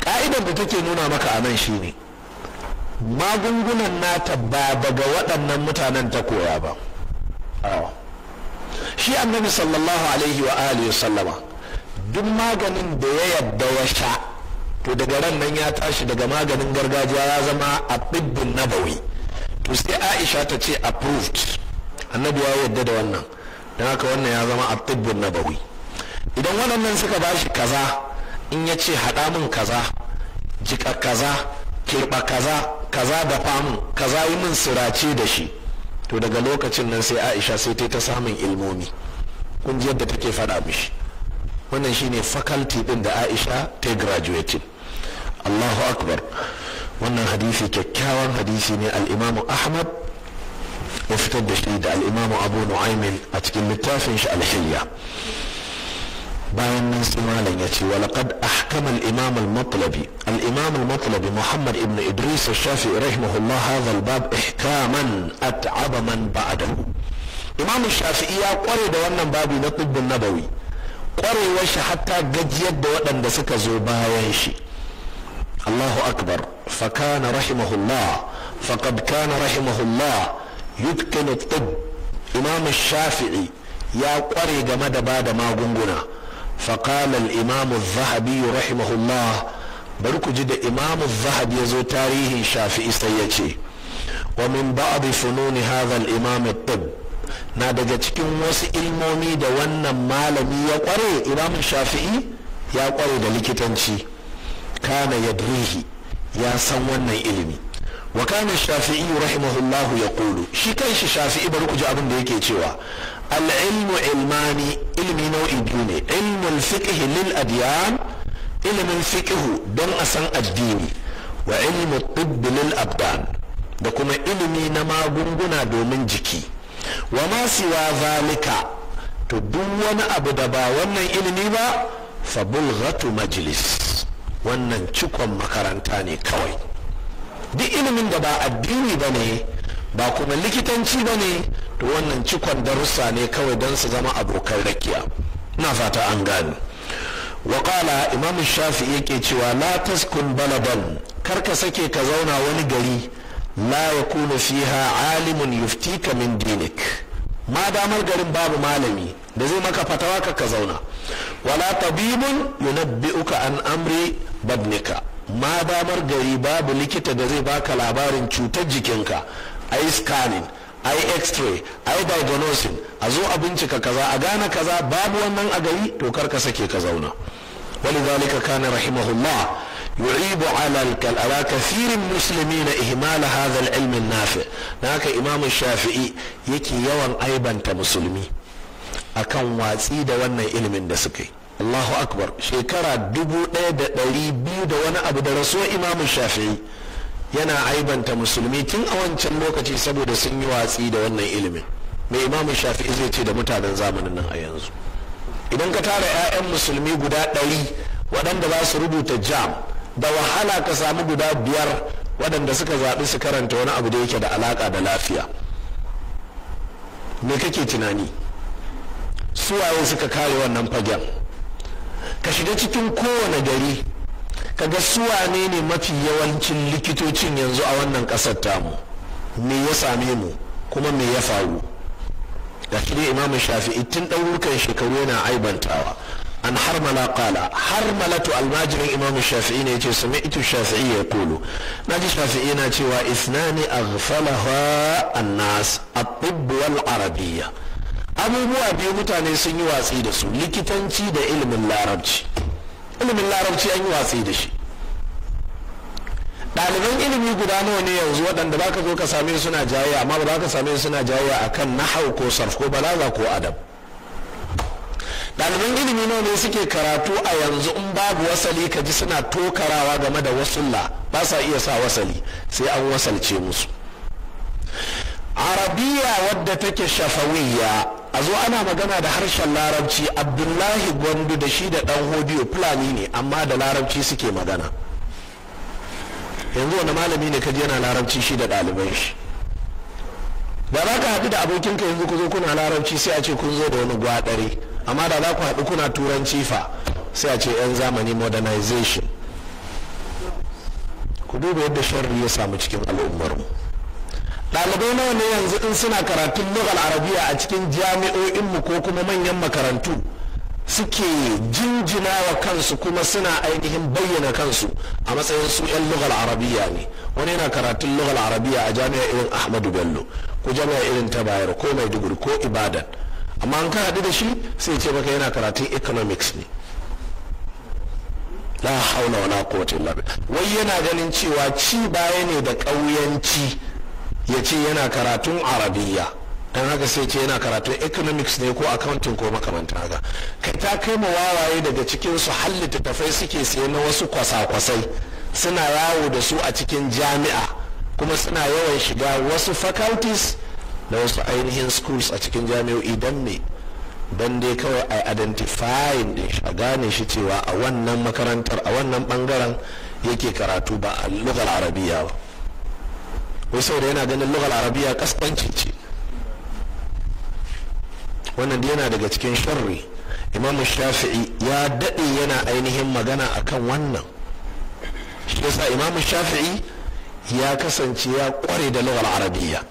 Ka'idan da take nuna maka anan nan shine magungunan nata ba daga waɗannan mutanen ta koya ba shi annabi sallallahu alaihi wa alihi sallama duk maganin da ya yadda wa sha to daga ran nan ya tashi daga maganin gargajiya ya zama a ɗibbin nabawi to sai aisha ta ce approved annabi ya yarda da wannan don haka wannan ya zama a ɗibbin nabawi idan waɗannan suka ba shi kaza in ya ce haɗa min kaza jiƙa kaza kirɓa kaza kaza da famu kaza yi min sirace da shi to daga lokacin nan sai aisha sai ta ta samun ilmomi kun ji yadda take faɗa mishi wannan shine faculty din da aisha ta graduating الله أكبر وانا حديثي ككاوان حديثي من الإمام أحمد افتد شديد الإمام أبو نعيم أتكلم التافنش الحية باين من سمالين يتي ولقد أحكم الإمام المطلبي الإمام المطلبي محمد ابن إدريس الشافعي رحمه الله هذا الباب إحكاما أتعب من بعده إمام الشافعي يا قري دوانا بابي نطب النبوي قري وش حتى قد يد ودن دسك زوبا يشي الله أكبر فكان رحمه الله فقد كان رحمه الله يتقن الطب إمام الشافعي يا قري جمد بعد ما قنقنا فقال الإمام الذهبي رحمه الله بركو جد إمام الذهبي يزو تاريخ شافعي سيتي ومن بعض فنون هذا الإمام الطب na daga cikin wasu ilmomi da wannan malami ya kware imamin shafi'i ya kware da likitanci kana yadrihi ya san wannan ilimi wa kana shafi'i ya yaqulu shi kanshi shafi'i bari ku ji abin da yake cewa al-ilmu ilmani ilmi nau'i biyu ne ilmul fiqh lil adyan ilimin fiqh don a san addini wa ilmu tibb lil abdan da kuma ilimi na magunguna domin jiki wa ma siwa zalika to duk wani abu da ba wannan ilimi ba fa bulghatu majlis wannan cikon makaranta ne kawai duk ilimin da ba addini ba ne ba kuma likitanci ba ne to wannan cikon darussa ne kawai don su zama abokan rakiya na fata an gane waƙala imam shafi yake cewa la taskun baladan kar ka sake ka zauna wani gari la ya kuna fiha alimun yuftika min dinik ma damar garin babu malami da zai maka fatawa ka ka zauna wala tabibun yunabbi'uka an amri badnika ma damar gari babu likita da zai baka labarin cutar jikinka ai scanning ai x-ray ai diagnosing a zo a bincika kaza a gane kaza babu wannan a gari to kar ka sake ka zauna ولذلك كان رحمه الله يعيب على على كثير المسلمين إهمال هذا العلم النافع shafi'i yake الشافعي يكي يوان akan مسلمي da wannan وانا علم دسكي Allahu akbar shekara dubu ɗaya da ɗari biyu da wani abu da rasuwar imamu shafi'i yana aibanta musulmi tun a wancan lokaci saboda sun yi watsi da wannan ilimin mai imamu shafi'i zai ce da mutanen zamanin nan a yanzu idan ka tara 'ya'yan musulmi guda ɗari waɗanda za su rubuta jam da wahala ka samu guda biyar waɗanda suka zaɓi su karanta wani abu da yake da alaƙa da lafiya me kake tunani suwaye suka kare wannan fagen ka shiga cikin kowane gari ka ga suwane ne mafi yawancin likitocin yanzu a wannan ƙasar tamu me ya same mu kuma me ya faru ga shi ne imamu shafi'i tun ɗaurukan shekaru yana aibantawa an harmala qala harmalatu almajirin imamu shafi'i ne yace sami'tu shafi'i ya kulu ji shafi'i yana cewa isnani aghfalaha a nas at-tibb wal arabiyya abubuwa biyu mutane sun yi watsi da su likitanci da ilimin larabci ilimin larabci an yi watsi da shi ɗaliban ilimi guda nawa ne yanzu waɗanda ba ka zo ka same suna jayayya amma ba ka same suna jayayya kan nahau ko sarf ko balaga ko adab ɗaliban ilimi nawa ne suke karatu a yanzu in babu wasali ka ji suna tokarawa game da wasulla ba sa iya sa wasali sai an wasalce musu arabiya wadda take shafawiyya a zo ana magana da harshen larabci abdullahi gwandu da shi da dan hodiyo fulani ne amma da larabci suke magana yanzu wani malami ne kaji yana larabci shi da ɗaliban shi da za ka haɗu da abokinka yanzu ku zo kuna larabci sai a ce kun zo da wani gwaɗare amma da za ku haɗu kuna turanci fa sai a ce 'yan zamani modernization ku duba yadda sharri ya samu cikin al'ummarmu Dalibai nawa ne yanzu in suna karatun lughal arabiya a cikin jami'o'inmu ko kuma manyan makarantu suke jinjina wa kansu kuma suna ainihin bayyana kansu a matsayin su 'yan lughal arabiya ne wani yana karatun lughal arabiya a jami'a irin ahmadu bello ko jami'a irin ta bayar ko maiduguri ko ibadan amma an ka haɗu da shi sai ce maka yana karatun economics ne la haula wala quwwata illa billah wai yana ganin cewa ci baya ne da ƙauyanci ya ce yana karatun arabiya don haka sai ce yana karatun economics ne ko accounting ko makamanta haka kai ta kai ma wawaye daga cikin su hallita tafai suke siye na wasu kwasa-kwasai suna yawo da su a cikin jami'a kuma suna yawan shiga wasu faculties da wasu ainihin schools a cikin jami'o'i don me don dai kawai a identifying din shi a gane shi cewa a wannan makarantar a wannan bangaren yake karatu ba a lugar arabiya ba wai saboda yana ganin lugar arabiya kasbanci ce wannan yana daga cikin sharri imam shafi'i ya daɗe yana ainihin magana akan wannan shi yasa imam shafi'i ya kasance ya kware da lugar arabiya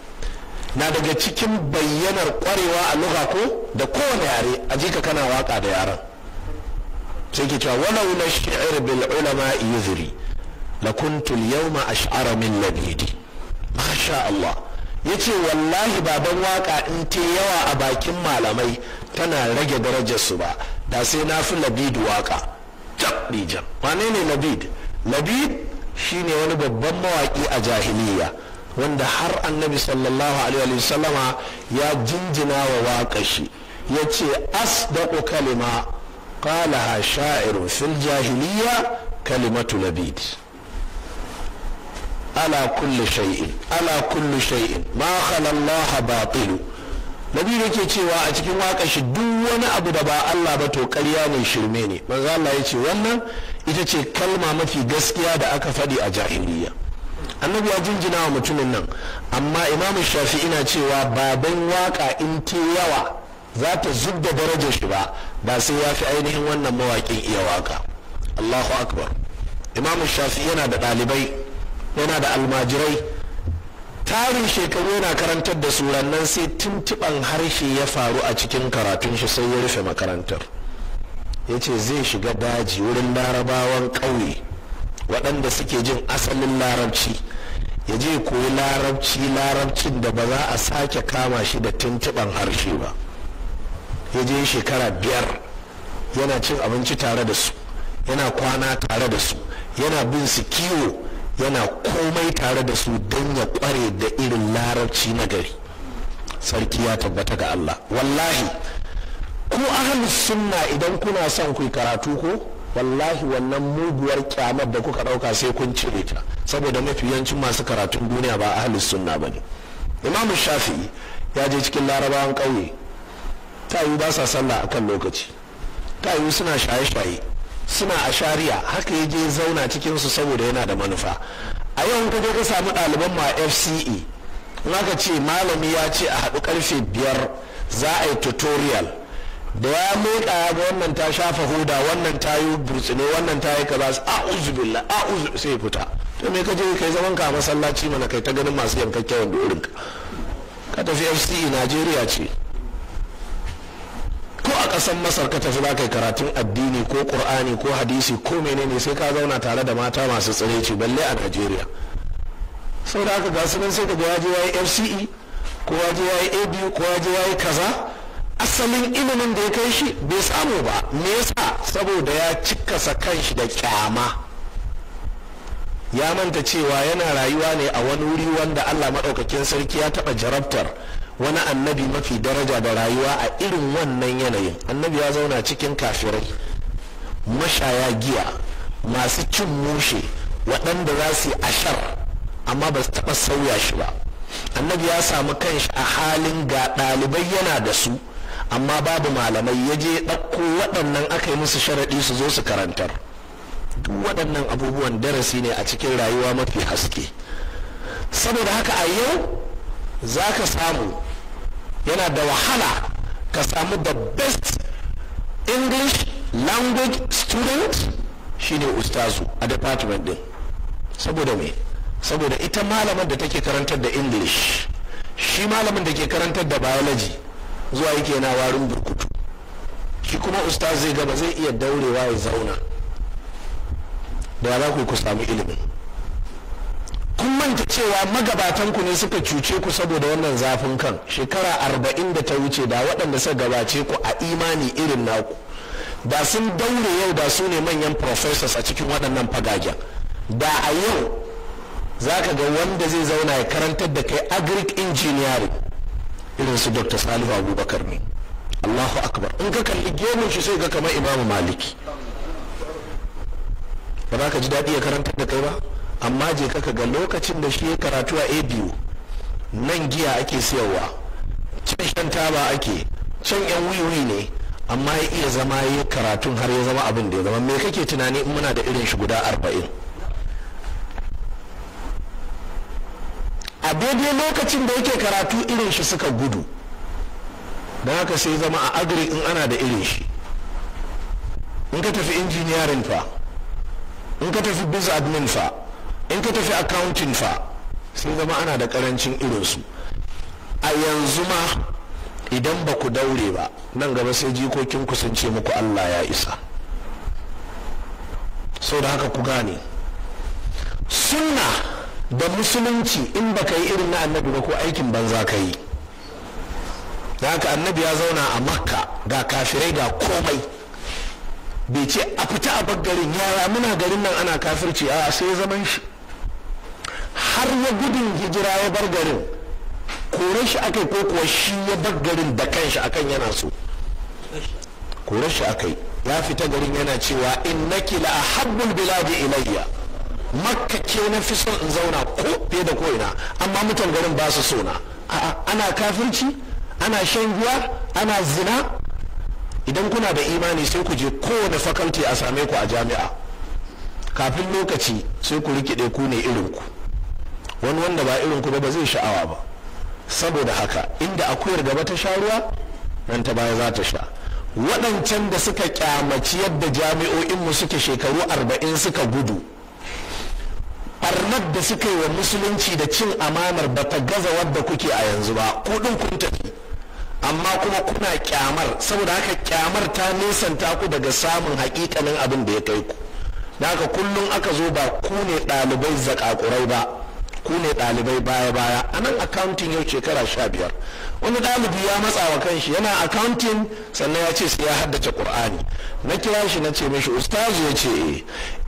na daga cikin bayyanar kwarewa a lugha ko da kowane yare a jika kana waka da yaran sai ke cewa walau na shi'ir bil ulama yuzri lakuntu al-yawma ash'ara min labidi masha Allah ya ce wallahi baban waka in te yawa a bakin malamai tana rage darajarsu ba da sai na fi labid waka jam wane ne labid labid shine wani babban mawaki a jahiliya wanda har annabi sallallahu alaihi wasallama ya jinjina wa waƙa shi ya ce asdaqu kalima qalaha sha'iru fil jahiliya kalimatu labid ala kulli shay'in ala kulli shay'in ma khala Allah batilu nabi yake cewa a cikin waka shi duk wani abu da ba Allah ba to ƙarya ne shirme ne manzo Allah yace wannan ita ce kalma mafi gaskiya da aka faɗi a jahiliya annabi ya jinjina wa mutumin nan amma imamu shafi ina cewa baban waka in ta yawa za ta zub darajar shi ba ba sai ya fi ainihin wannan mawaƙin iya waka allahu akbar imam shafi yana da ɗalibai yana da almajirai tarin shekaru yana karantar da nan sai tuntuɓan harshe ya faru a cikin karatun shi sai ya rufe makarantar ya ce zai shiga daji wurin larabawan ƙauye waɗanda suke jin asalin larabci ya je koyi larabci larabcin da ba za a sake kama shi da tuntuɓan harshe ba ya je shekara biyar yana cin abinci tare da su yana kwana tare da su yana bin su kiwo yana komai tare da su don ya kware da irin larabci na gari sarki ya tabbata ga Allah wallahi ku ahlus sunna idan kuna son ku karatu ko wallahi wannan muguwar kyamar da kuka dauka sai kun cire ta saboda mafi yancin masu karatun duniya ba ahlus sunna ne. imamu shafi'i ya je cikin larabawan kauye ta yi ba sa sallah akan lokaci ta yi suna shaye-shaye suna a shari'a haka ya je zauna cikinsu saboda yana da manufa a yau ka je ka samu ɗaliban ma fce ka ce malami ya ce a haɗu karfe biyar za a yi tutorial da ya motsa ya ga wannan ta shafa hoda wannan ta yi burtsine wannan ta yi kaza a uzubillah a uzu sai fita to me ka je kai zaman ka a masallaci mana kai ta ganin masu yankakken wanda ka tafi fce najeriya ce ko a ƙasar masar ka tafi za ka yi karatun addini ko ƙur'ani ko hadisi ko menene sai ka zauna tare da mata masu tsiraici balle a najeriya sau da aka gasu nan sai ka ya je yayi fce ko ya je yayi abu ko ya je yayi kaza asalin ilimin da ya kai shi bai samu ba me yasa saboda ya cikasa kanshi da kyama ya manta cewa yana rayuwa ne a wani wuri wanda allah maɗaukakin sarki ya taɓa jarabtar wani annabi mafi daraja da rayuwa a irin wannan yanayin annabi ya zauna cikin kafirai mashaya giya masu cin mushe waɗanda za su yi ashar amma ba su taɓa sauya shi ba annabi ya samu kanshi a halin ga ɗalibai yana da su amma babu malamai ya je ɗauko waɗannan aka yi musu sharaɗi su zo su karantar duk waɗannan abubuwan darasi ne a cikin rayuwa mafi haske saboda haka a yau za ka samu yana da wahala ka samu the best english language student shine ustazu a department din saboda me saboda ita malamin da take karantar da english shi malamin da ke karantar da biology zuwa yake na warin burkutu shi kuma ustazu zai gaba zai iya daurewa ya zauna da za ku samu ilimin kun manta cewa magabatan ku ne suka cuce ku saboda wannan zafin kan shekara arba'in da ta wuce da waɗanda suka gabace ku a imani irin naku da sun daure yau da su ne manyan professors a cikin waɗannan fagagen da a yau za ka ga wanda zai zauna ya karantar da kai agric engineering irin su dr salihu abubakar ne allahu akbar in ka kalli gemun shi sai ga kamar imamu maliki ba za ka ji daɗi ya karantar da kai ba amma je kaka ga lokacin da shi ya karatu a a biyu nan giya ake siyarwa can shan taba ake can yan wiwi ne amma ya iya zama ya karatun har ya zama abin da ya zama me kake tunani in muna da irin shi guda arba'in a daidai lokacin da yake karatu irin shi suka gudu don haka sai zama a agri in ana da irin shi in ka tafi injiniyarin fa in ka tafi biz admin fa in ka tafi accounting fa sai zama ana da karancin irinsu a yanzu ma idan ba ku daure ba nan gaba sai jikokin ku sun ce muku allah ya isa sau da haka ku gane suna da musulunci in ba ka yi irin na annabi ba ko aikin banza ka yi da haka annabi ya zauna a makka ga kafirai ga komai bai ce a fita a garin yara muna garin nan ana kafirci a sai zaman shi har ya gudun hijira ya bar garin kore shi aka yi ko kuwa shi ya bar garin da kanshi akan yana so kore shi aka yi ya fita garin yana cewa in naki la ahabbul biladi ilayya makka ke na fi son in zauna ko fiye da ko'ina amma mutan garin ba su sona ana kafirci ana shan guwa ana zina idan kuna da imani sai ku je kowane faculty a same ku a jami'a kafin lokaci sai ku rikide ku ne irinku ku wani wanda ba irin ku ba zai sha'awa ba saboda haka inda akuyar gaba ta sha ruwa nan ta baya za ta sha waɗancan da suka kyamaci yadda jami'o'in mu suke shekaru arba'in suka gudu barnar da suka yi wa musulunci da cin amanar ba ta gaza wadda kuke a yanzu ba ɗin kun tafi amma kuma kuna kyamar saboda haka kyamar ta nesanta ku daga samun hakikanin abin da ya kai ku da haka kullum aka zo ba ku ne ɗalibai zakakurai ba ku ne ɗalibai baya-baya a nan accounting yau shekara sha biyar wani ɗalibi ya matsa wa kanshi yana accounting sannan ya ce sai ya haddace qur'ani na kira shi na ce mishi ustazu ya ce eh,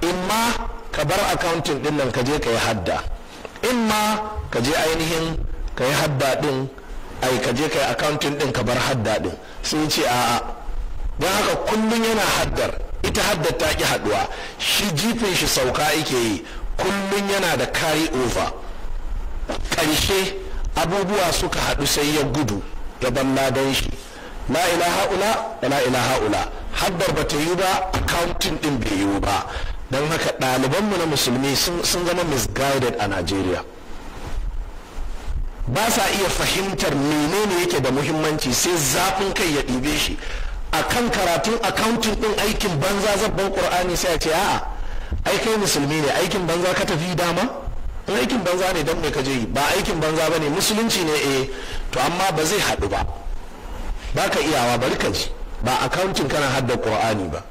in ma ka bar accounting ɗin nan ka je ka yi hadda in ma ka je ainihin ka yi hadda ɗin ai ka je ka yi accounting ɗin ka bar hadda ɗin sai ce a'a don haka kullum yana haddar ita haddar ta ki haɗuwa shi jifin shi sauka yake yi kullum yana da carry over ƙarshe abubuwa suka haɗu sai ya gudu gaban na shi na ina ha'ula wa la ilaha haddar ba ta yi ba accounting din bai yi ba don haka ɗalibanmu na musulmi sun zama misguided a najeriya ba sa iya fahimtar menene yake da muhimmanci sai zafin kai ya ɗibe shi a kan karatun accounting ɗin aikin banza zabban ƙur'ani sai a ce a'a ai kai musulmi ne aikin banza ka tafi dama in aikin banza ne don me ka je yi ba aikin banza bane musulunci ne eh to amma ba zai haɗu ba ba ka iyawa bari ka ji ba akauntin kana hadda qur'ani ba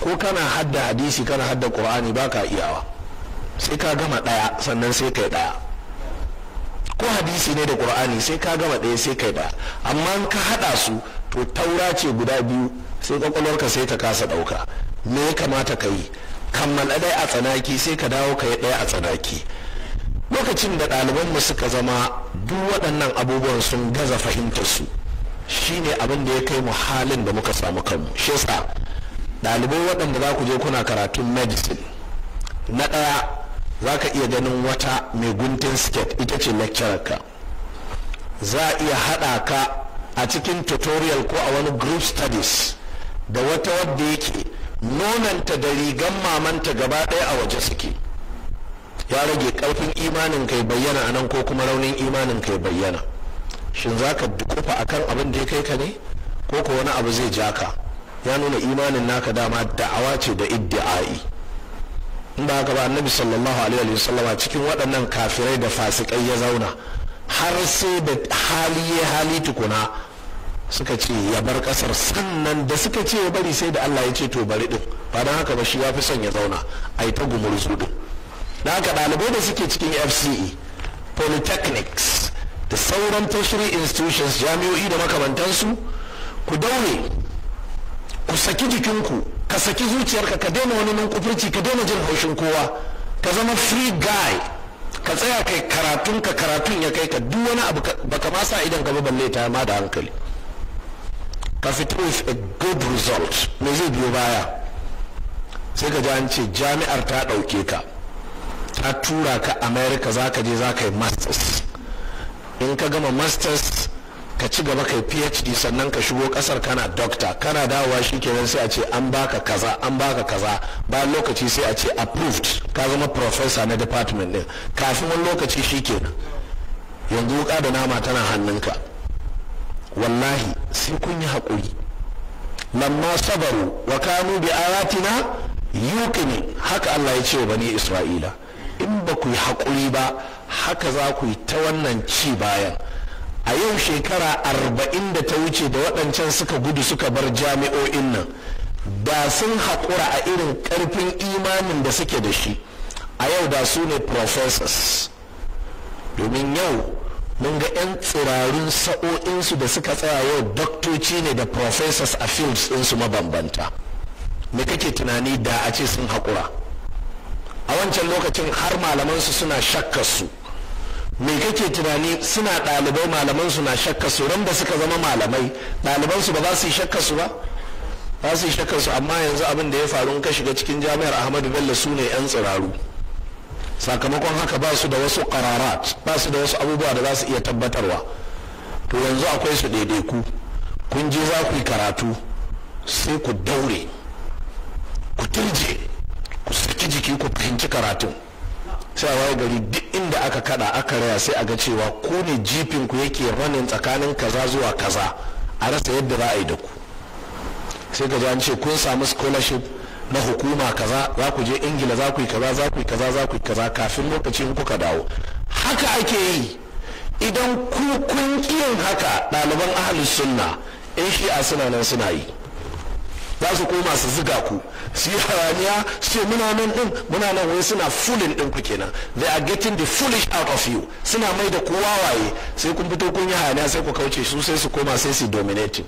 ko kana hadda hadisi kana hadda qur'ani ba ka iyawa sai ka gama ɗaya sannan sai kai ɗaya ko hadisi ne da qur'ani sai ka gama ɗaya sai kai ɗaya amma in ka haɗa su to taura ce guda biyu sai kwakwalwarka sai ta kasa ɗauka me ya kamata ka yi kammala ɗaya a tsanaki sai ka dawo ka yi ɗaya a tsanaki lokacin da ɗalibanmu suka zama duk waɗannan abubuwan sun gaza fahimtar su shine abin da ya kai mu halin da muka samu kanmu shi yasa ɗalibai waɗanda za ku je kuna karatun medicine na ɗaya za ka iya ganin wata mai guntun siket ita ce lecturer ka za a iya haɗa ka a cikin tutorial ko a wani group studies da wata wadda yake nonanta da rigan mamanta gaba ɗaya a waje suke ya rage ƙarfin imanin kai bayyana a nan ko kuma raunin imanin kai bayyana shin za ka dukufa kan abin da ya kai ka ne ko ko wani abu zai ja ka ya nuna imanin naka dama da'awa ce da iddi'ai in ba haka ba annabi sallallahu alaihi wa sallama cikin waɗannan kafirai da fasikai ya zauna har sai da hali ya hali tukuna suka ce ya bar kasar sannan da suka ce ya bari sai da Allah ya ce to bari din ba don haka ba shi ya fi son ya zauna a yi ta gumurzu din da haka ɗalibai da suke cikin FCE polytechnics da sauran tertiary institutions jami'o'i da makamantansu ku daure ku saki jikinku ka saki zuciyarka ka daina wani nan kufurci ka daina jin haushin kowa ka zama free guy ka tsaya kai karatun ka karatun ya kai ka duk wani abu baka ma sa idan ka bi balle ta ma da hankali as it is a good result me zai biyo baya sai ka an ce jami'ar ta ɗauke ka ta tura ka america za ka je za ka yi masters in ka gama masters ka ci gaba kai phd sannan ka shigo kasar kana doctor kana dawowa shikenan sai a ce an baka kaza an baka kaza bayan lokaci sai a ce approved ka zama professor na department din kafin wani lokaci shi ke yanzu wuka da nama tana hannunka wallahi sai kun yi haƙuri lamma sabaru wa kanu bi ayatina yuqini haka Allah ya ce wa bani Isra'ila in ba ku yi haƙuri ba haka za ku yi ta wannan ci bayan a yau shekara arba'in da ta wuce da waɗancan suka gudu suka bar jami'o'in nan da sun haƙura a irin ƙarfin imanin da suke da shi a yau da su ne professors domin yau mun ga 'yan tsirarun sa'o'insu da suka tsaya yau doktoci ne da professors a fields ɗinsu mabambanta me kake tunani da a ce sun haƙura a wancan lokacin har malamansu suna shakkar su me kake tunani suna ɗalibai malamansu na shakkar su ran da suka zama malamai ɗalibansu ba za su yi shakkar su ba za su yi shakkar su amma yanzu abin da ya faru ka shiga cikin jami'ar ahmadu bello su ne 'yan tsiraru sakamakon haka ba su da wasu karara ba su da wasu abubuwa da za su iya tabbatarwa to yanzu akwai su daidaiku kun je za ku yi karatu sai ku daure ku turje ku saki jiki ku fahimci karatun sai a waye gari duk inda aka kada aka raya sai a ga cewa ko ne jifin ku yake ranin tsakanin kaza zuwa kaza a rasa yadda za a yi da ku sai ka ji an ce kun samu scholarship na hukuma kaza za ku je ingila za ku yi kaza za ku yi kaza za ku yi kaza kafin lokacin kuka dawo haka ake yi idan ku kun yin haka ɗaliban ahalus sunna in shi'a suna nan suna yi za su koma su ziga ku su yi hayaniya su ce muna nan din muna nan wai suna fulin din ku kenan they are getting the foolish out of you suna mai da kowa waye sai kun fito kun yi hayaniya sai ku kauce su sai su koma sai su dominating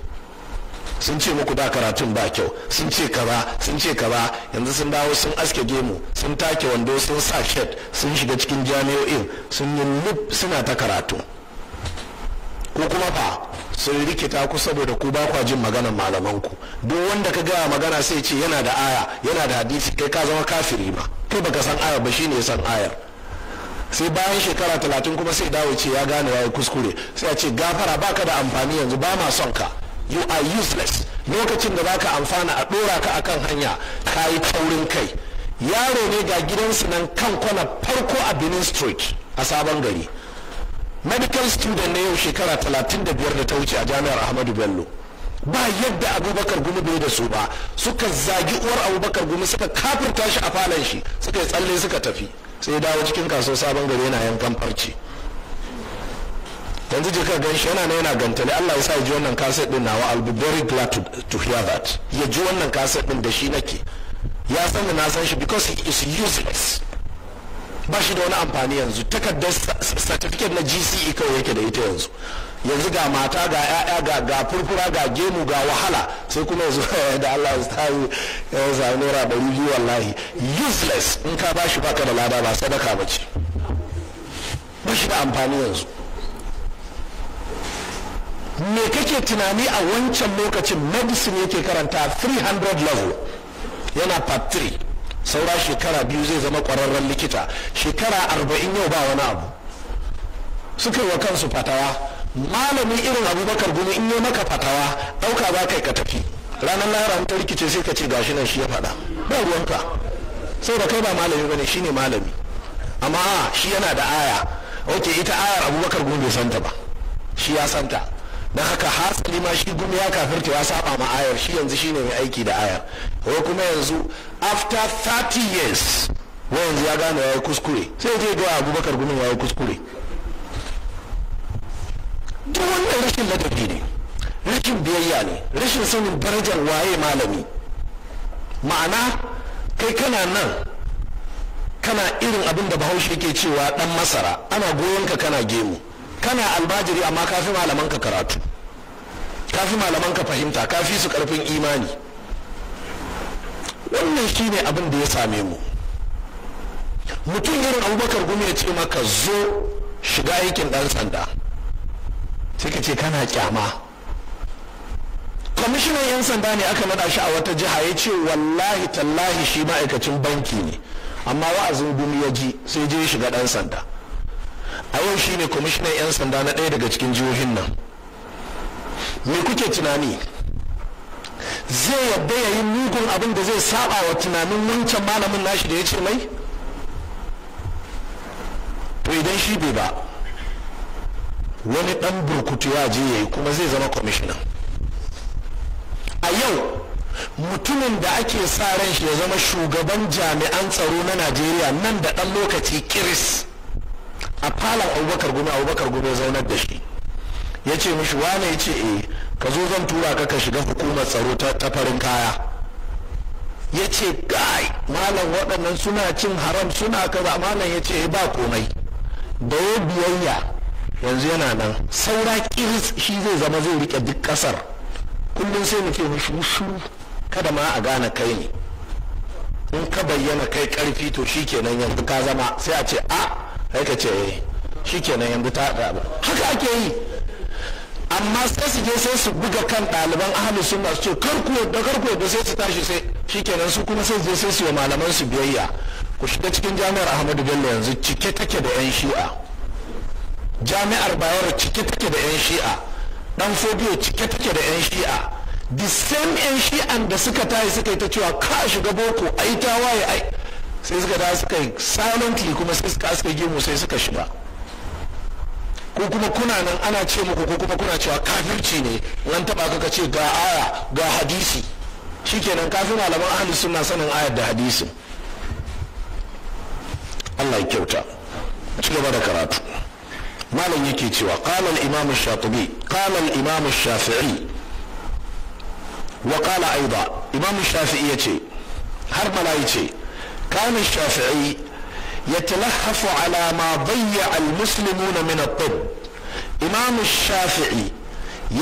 sun ce muku da karatun ba kyau sun ce kaza sun ce kaza yanzu sun dawo sun aske gemu sun take wando sun sa shed sun shiga cikin jami'o'in sun yi lub suna ta karatu ko kuma fa sun rikita ku saboda ku ba kwa jin maganar malamanku duk wanda ka gaya magana sai ce yana da aya yana da hadisi kai ka zama kafiri ba kai baka san aya ba shine san ayar sai bayan shekara talatin kuma sai dawo ce ya gane ya kuskure sai ya ce gafara baka da amfani yanzu ba ma son ka you are useless lokacin da zaka amfana a ɗora ka akan hanya ka yi taurin kai yaro ne ga gidansu nan kan kwana farko a benin street a sabon gari medical student na yau shekara 35 da ta wuce a jami'ar ahmadu bello ba yadda abubakar gumi bai da su ba suka zagi uwar abubakar gumi suka kafirta shi a falon shi suka yi tsalle suka tafi sai dawo cikin kaso sabon gari yana yankan farce yanzu je ka gan shi yana yana gantani Allah ya sa ji wannan kaset din nawa I'll be very glad to, to hear that ya ji wannan kaset din da shi nake ya san da na san shi because he is useless ba shi da wani amfani yanzu takardar certificate na GCE kawai yake da ita yanzu yanzu ga mata ga ya'ya ga ga furfura ga gemu ga wahala sai kuma yanzu da Allah ya tsari ya samu nora biyu wallahi useless in ka ba shi baka da lada ba sadaka ba ce ba shi da amfani yanzu me kake tunani a wancan lokacin medicine yake karanta 300 level yana part 3 saura shekara biyu zai zama kwararren likita shekara 40 yau ba wani abu suka wa kansu fatawa malami irin abubakar gumi in yi maka fatawa ɗauka ba kai ka tafi ranar lahara ta rikice sai ka ce gashi nan shi ya faɗa ba ruwanka saboda kai ba malami bane ne malami amma shi yana da aya ok ita ayar abubakar gumi bai santa ba shi ya santa na haka hasali ma shi gumi ya kafirta ya saba ma ayar shi yanzu shine mai aiki da ayar wai kuma yanzu after 30 years wai yanzu ya gane ya yi kuskure sai ya je ga abubakar gumi ya yi kuskure duk wannan rashin ladabi ne rashin biyayya ne rashin sanin darajar waye malami ma'ana kai kana nan kana irin abin da bahaushe ke cewa dan masara ana goyonka kana gemu kana albajiri amma kafi fi malaman karatu ka fi malaman ka fahimta ka su karfin imani wannan shine abin da ya same mu mutum irin abubakar gumi ya ce maka zo shiga aikin dan sanda sai ka ce kana kyama kwamishinan 'yan sanda ne aka nada shi a wata jiha ya ce wallahi tallahi shi ma'aikacin banki ne amma wa'azin gumi ya ji sai je shiga dan sanda a yau shi ne kwamishinan 'yan sanda na ɗaya daga cikin jihohin nan me kuke tunani zai yadda ya yi mugun abin da zai saba wa tunanin wancan malamin nashi da ya ce mai to idan shi bai ba wani ɗan burkutu ya je ya yi kuma zai zama kwamishinan a yau mutumin da ake sa ran shi ya zama shugaban jami'an tsaro na najeriya nan da ɗan lokaci kiris a falon abubakar gome abubakar gome zaunar da shi ya ce mishi wane ya ce e ka zo zan tura ka ka shiga hukumar tsaro ta farin kaya ya ce gai malam waɗannan suna cin haram suna kaza malam ya ce eh, ba komai da ya biyayya yanzu yana nan saura kiris shi zai zama zai rike duk kasar kullum sai muke shuru kada ma a gane kai ne in ka bayyana kai karfi to shi shikenan yanzu ka zama sai a ce a ah, sai ka ce eh, shikenan yanzu ta haɗa haka ake yi amma sai su je sai su buga kan ɗaliban ahalin sunna su ce kar da karku kar sai su tashi sai shikenan su kuma sai su je sai su yi malaman su biyayya ku shiga cikin jami'ar Ahmadu Bello yanzu cike take da yan shi'a jami'ar Bayero cike take da yan shi'a dan Fodio cike take da yan shi'a the same yan shi'an da suka tashi suka yi ta cewa ka shiga boko ai ta waye ai sai suka da suka yi silently kuma sai suka aska gemu sai suka shiga ko kuma kuna nan ana ce muku ko kuma kuna cewa kafirci ne wani taba kaka ce ga aya ga hadisi shikenan kafin malaman ahli suna sanin ayar da hadisin Allah ya kyauta ci gaba da karatu malam yake cewa qala al-imam ash-shatibi qala al-imam shafii wa qala aidan imam ash-shafi'i yace har malai ce قال الشافعي يتلهف على ما ضيع المسلمون na الطب إمام shafi'i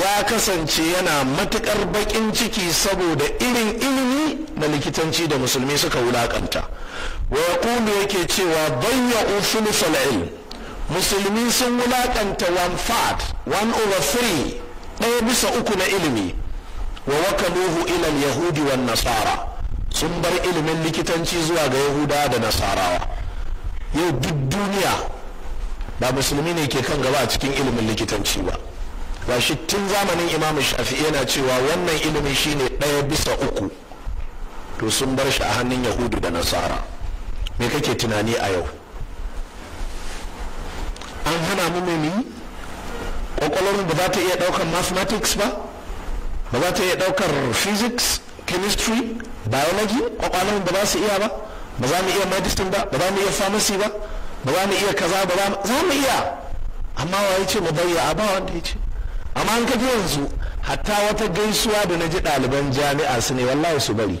ya kasance yana matukar baƙin ciki saboda irin ilimi na likitanci da musulmi suka wulaƙanta. wa yaqulu yake cewa bayya thuluthal ilm musulmi sun wulaƙanta one third one over three ɗaya bisa uku na ilimi wa wakaluhu ila yahudi wan nasara sun bar ilimin likitanci zuwa ga yahuda da nasarawa yau duk duniya ba musulmi ne ke kan gaba a cikin ilimin likitanci ba ba shi tun zamanin imamu shafi yana cewa wannan ilimin shine ɗaya bisa uku to sun bar shi a hannun yahudu da nasara me kake tunani a yau an hana mu mai kwakwalwar ba za ta iya ɗaukar mathematics ba ba za ta iya ɗaukar physics chemistry biology kwakwalon ba za su iya ba ba za mu iya medicine ba ba za mu iya pharmacy ba ba za mu iya kaza ba za mu iya amma wa ce mu bayya a ba wanda ya ce amma an kaji yanzu hatta wata gaisuwa da na ji ɗaliban jami'a su ne wallahi su bari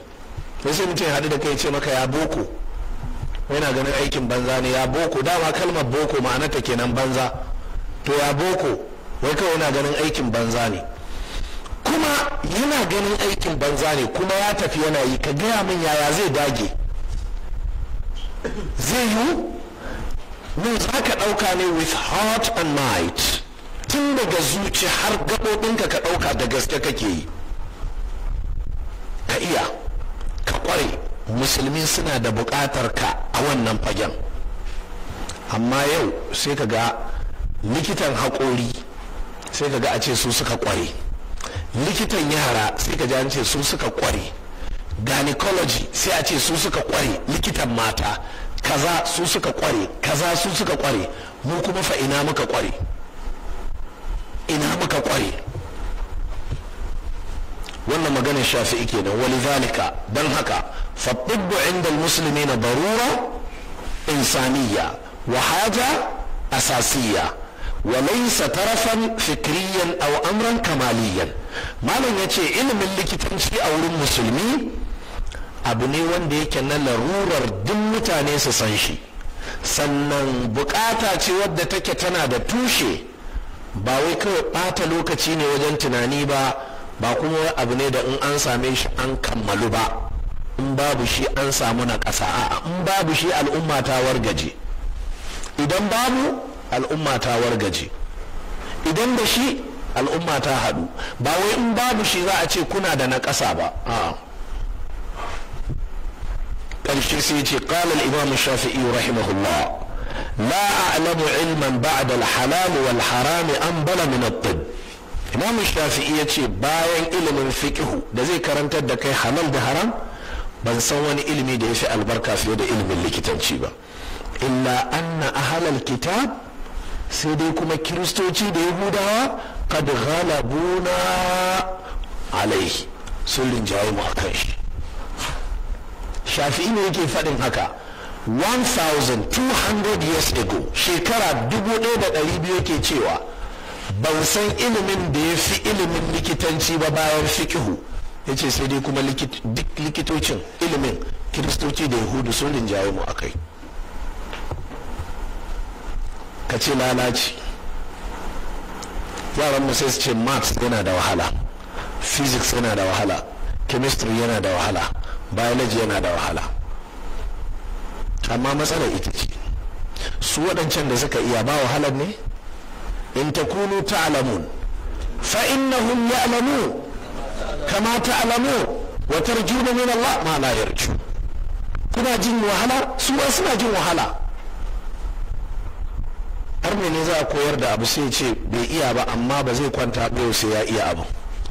sai sai mutum haɗu da kai ce maka ya boko yana ganin aikin banza ne ya boko dama kalmar boko ma'anarta kenan banza to ya boko wai kawai yana ganin aikin banza ne kuma yana ganin aikin banza ne kuma ya tafi yana yi ka gaya min yaya zai dage zai yi mu za ka ɗauka ne with heart and might tun daga zuci har gaɓoɓinka ka ɗauka da gaske kake yi ka iya ka ƙware musulmi suna da buƙatar ka a wannan fagen amma yau sai ka ga likitan haƙori sai ka ga a ce su suka ƙware likitan yara sai ka ji an ce su suka kware gynecology sai a ce su suka kware likitan mata kaza su suka kware kaza su suka kware mu kuma fa ina muka kware ina muka kware wannan shafi ike kenan wali zalika don haka faɗiɗɗu inda musulmi na barura insaniya wa haja asasiya wa laysa tarafan fikriyan aw amran kamaliyan malam ya ce ilimin likitanci a wurin musulmi abu ne wanda yake na larurar duk mutane su san shi sannan bukata ce wadda take tana da tushe ba wai kawai bata lokaci ne wajen tunani ba ba kuma wai abu ne da in an same shi an kammalu ba in babu shi an samu na ƙasa a in babu shi al'umma ta wargaje idan babu al'umma ta wargaje idan da shi al'umma ta haɗu ba wai in babu shi za a ce kuna da na ƙasa ba ƙarshe sai ce ƙalar imam shafi'i rahimahullah لا أعلم علما بعد الحلال والحرام أنبل من الطب imam shafi'i ya ce bayan ilimin fiqhu da zai karantar da kai halal da haram ban san wani ilimi da ya fi albarka fiye da ilimin likitanci ba illa anna ahalal kitab sai dai kuma kiristoci da yahudawa qad buna alaihi sun rinjaye mu akan shi ne yake faɗin haka 1200 years ago shekara 1200 ke cewa ban san ilimin da ya fi ilimin likitanci ba bayan fikihu ya ce sai dai kuma likitocin ilimin kiristoci da yahudu sun rinjaye mu kai ka ce lalaci yaran mu sai su ce maths yana da wahala physics yana da wahala chemistry yana da wahala biology yana da wahala amma matsalar ita ce su waɗancan da suka iya ba wahalar ne in ta kunu ta ta'lamun fa innahum alamu kama ta alamu wata tarjuna min Allah ma la yarju kuna jin wahala su suna jin wahala har ne za a koyar da abu sai ce bai iya ba amma ba zai kwanta ba yau sai ya iya abu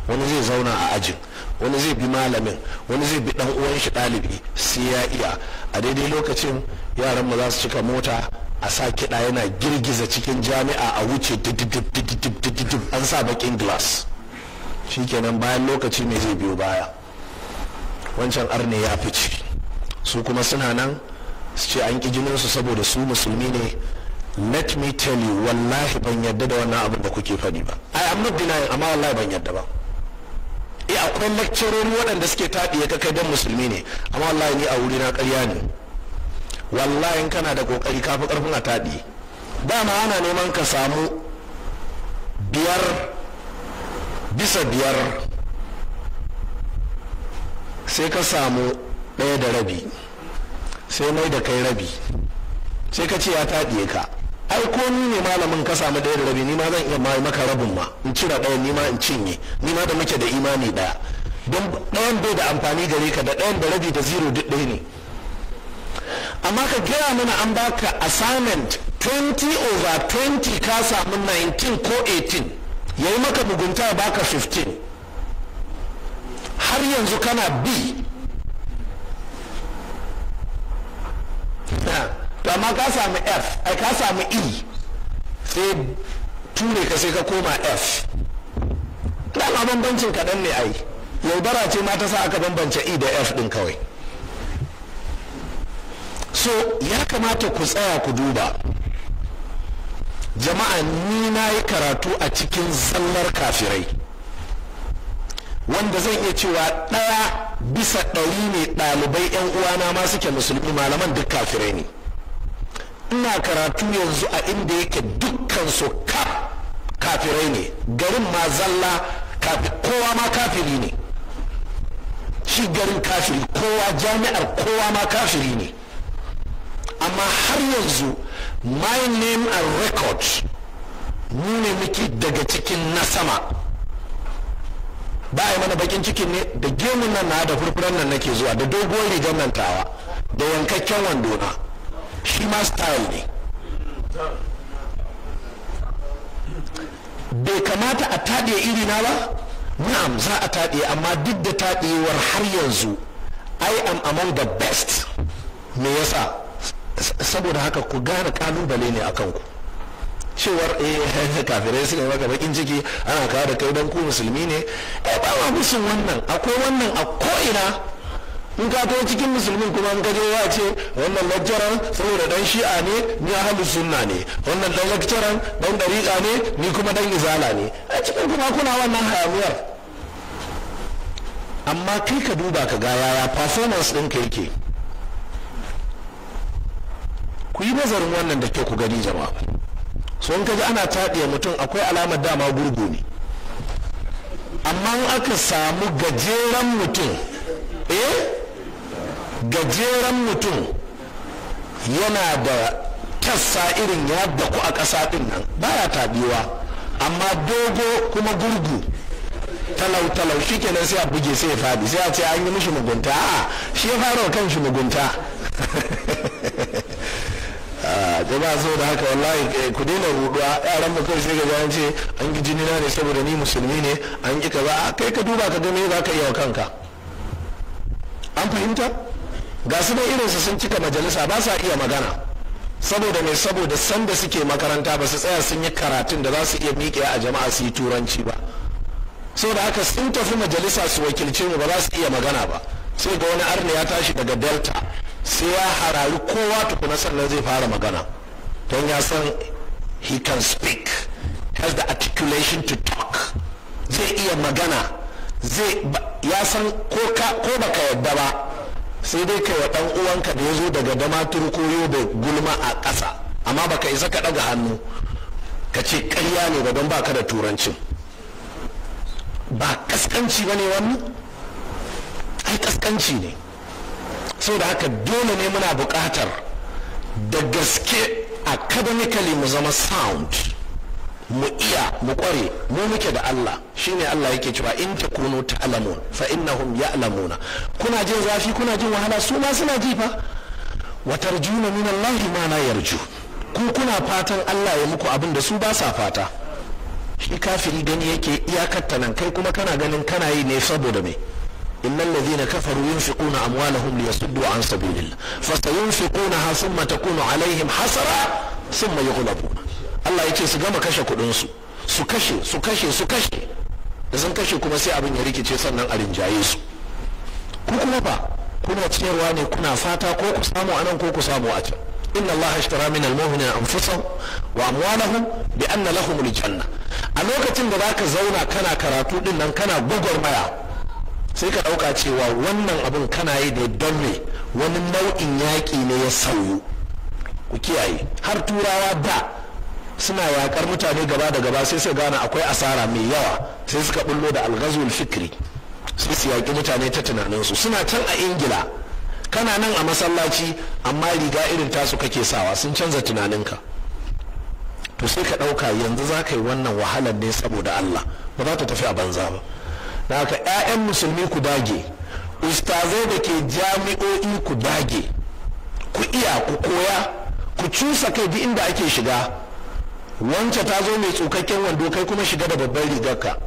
wani zai zauna a ajin wani zai bi malamin wani zai bi dan uwan shi ɗalibi sai ya iya a daidai lokacin yaran mu za su cika mota a sa kiɗa yana girgiza cikin jami'a a wuce dididididididididid an sa bakin glass shikenan bayan lokaci mai zai biyo baya wancan arne ya fice su kuma suna nan su ce an ƙi jininsu saboda su musulmi ne let me tell you wallahi ban yadda da wannan abin da kuke faɗi ba ai am not denying amma wallahi ban yadda ba eh akwai lecturer waɗanda suke taɗiye ya kai don musulmi ne amma wallahi ni a wuri na ƙarya ne wallahi kana da kokari ka fi ƙarfin a taɗi dama ana neman ka samu biyar bisa biyar sai ka samu ɗaya da rabi sai mai da kai rabi sai ka ce ya taɗiye ka ai ko ni ne malamin ka samu ɗaya da rabi ni ma zan iya mai maka rabin ma in cira ɗaya ni ma in cinye ni ma da muke da imani ɗaya don ɗayan bai da amfani gare ka da ɗayan da rabi da zero duk ɗaya ne amma ka gaya mana an baka assignment 20 over 20 ka samu 19 ko 18 yayi maka mugunta baka 15 har yanzu kana b to amma ka samu f ai ka samu e sai ture ka sai ka koma f dama bambancin kaɗan ne ai yaudara ce ma ta sa aka bambance e da f ɗin kawai so ya kamata ku tsaya ku duba jama'a ni na yi karatu a cikin zallar kafirai wanda zan iya cewa ɗaya bisa ɗari ne ɗalibai 'yan uwana ma suke musulmi malaman duk kafirai ne ina karatu yanzu a inda yake dukkan su kafirai ne garin ma zalla kowa ma kafiri ne shi garin kafiri kowa jami'ar kowa ma kafiri ne amma har yanzu my name and record mu ne daga cikin na sama ba a mana bakin cikin ne da gemun na da furfuran nan nake zuwa da doguwar rigar nan tawa da yankakken wandona shima ma style ne bai kamata a taɗe irina ba na'am za a taɗe amma duk da taɗewar har yanzu i am among the best me yasa saboda haka ku gane kalubale ne a kanku cewar eh kafirai suka yi maka bakin ciki ana kawo da kai don ku musulmi ne eh ba ma musun wannan akwai wannan a ina. in ka kai cikin musulmin kuma in ka je ya ce wannan lajjaran saboda dan shi'a ne ni ahlu sunna ne wannan dan lajjaran dan dariƙa ne ni kuma dan izala ne a cikin kuma kuna wannan hayaniyar amma kai ka duba ka ga yaya performance din ka yake ku yi nazarin wannan da ke ku gani jama'a so in ka ji ana taɗiya mutum akwai alamar dama gurgu ne amma in aka samu gajeren mutum eh gajeren mutum yana da tassa irin yadda ku a ƙasa ɗin nan Ba ya taɓiwa amma dogo kuma gurgu talau-talau shi kenan sai a buge sai ya faɗi sai a ce an yi mishi mugunta a shi ya fara kan shi mugunta ba so da haka wallahi eh, ku daina ruduwa yaran mu kai sai ga an ce an gi jini na ne saboda ni musulmi ne an ki ba a kai ka duba ka ga me za ka iya wa kanka an fahimta ga su dai irinsu sun cika majalisa ba sa iya magana saboda mai saboda sanda suke makaranta ba su tsaya sun yi karatun da za su iya miƙe a jama'a su yi turanci ba da aka sun tafi majalisa su wakilce mu ba za su iya magana ba sai ga wani arna ya tashi daga delta sai ya harari kowa tukuna sannan zai fara magana don ya san he can speak has the articulation to talk zai iya magana ya san ko baka yadda ba sai dai kai wa dan uwanka da ya zo daga damaturu turkoyo da gulma a ƙasa amma baka isa ka ɗaga hannu ka ce ƙarya ne ba don baka da turancin ba ƙasƙanci ba ne wannan ai kaskanci ne saboda haka dole ne muna buƙatar da gaske academically mu zama sound mu iya mu kware mu muke da Allah shine Allah yake cewa in takunu ta'lamun fa innahum ya'lamuna kuna jin zafi kuna jin wahala su ma suna ji fa wa tarjuna min Allah ma la yarju ku kuna fatan Allah ya muku abin da su ba sa fata shi kafiri gani yake iyakar nan kai kuma kana ganin kana yi ne saboda me إن الذين كفروا ينفقون أموالهم ليصدوا عن سبيل الله فسينفقونها ثم تكون عليهم حسرة ثم يغلبون Allah ya ce su gama kashe kuɗinsu su kashe su kashe su kashe da sun kashe kuma sai abin ya rikice sannan a rinjaye su ku kuma ba kuna ciyarwa ne kuna fata ko ku samu a nan ko ku samu a can inna Allah ashtara min almu'minina anfusahum wa amwalahum bi anna lahum aljanna a lokacin da zaka zauna kana karatu din nan kana gwagwarmaya sai ka dauka cewa wannan abin kana yi da don wani nau'in yaki ne ya sauyo ku kiyaye har turawa da suna yakar mutane gaba da gaba sai su gane akwai asara mai yawa sai suka bullo da alghazul fikri sai su yaki mutane ta tunaninsu suna can a ingila kana nan a masallaci amma riga irin tasu kake sawa sun canza tunaninka to sai ka ɗauka yanzu za ka yi wannan wahalar ne saboda Allah ba za ta tafi a banza ba da haka 'ya'yan musulmi ku dage ustazai da ke jami'o'i ku dage ku iya ku koya ku cusa kai duk inda ake shiga wance ta zo mai tsukakken wando kai kuma shiga da babban rigarka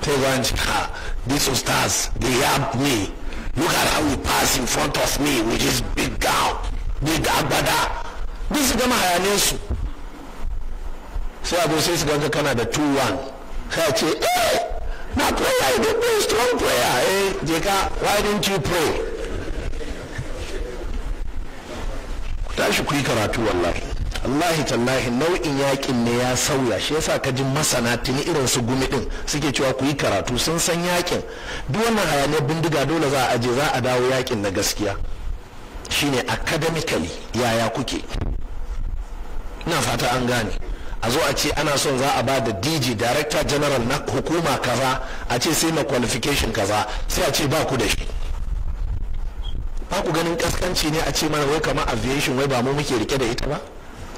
sai zan ka ha these stars they help me look at how we pass in front of me we just big gown big agbada duk su gama hayanin su sai abu sai su ganga kana da 2-1 sai ce eh na prayer you dey pray strong prayer eh jeka why don't you pray ku tashi ku yi karatu wallahi wallahi tallahi nau'in yakin ne ya sauya shi yasa ka ji masana tuni irin su gumi din suke cewa ku yi karatu sun san yakin duk wannan hayaniyar bindiga dole za a aje za a dawo yakin na gaskiya shine academically yaya kuke ina fata an gane a zo a ce ana son za a ba da dg director general na hukuma kaza a ce sai na qualification kaza sai a ce ba ku da shi ba ku ganin kaskanci ne a ce mana wai kama aviation wai ba mu muke rike da ita ba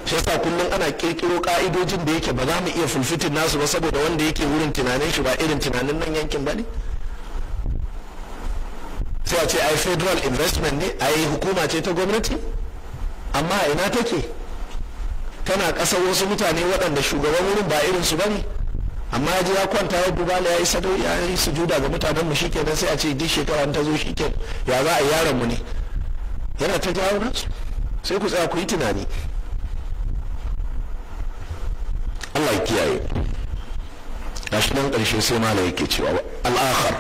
shi yasa kullum ana kirkiro ka'idojin da yake ba za mu iya fulfitin nasu ba saboda wanda yake wurin tunanin shi ba irin tunanin nan yankin ba ne sai a ce ai federal investment ne ai hukuma ce ta gwamnati amma ina take tana kasar wasu mutane waɗanda shugaban wurin ba irin su ba ne amma ya ya kwanta ya duba ya yi sadau ya yi sujuda ga mutanenmu shi kenan sai a ce duk shekara ta zo shi ya za a mu ne yana ta jawo nasu sai ku tsaya ku yi tunani Allah ya kiyaye gashi nan ƙarshe sai mala yake cewa al'akhar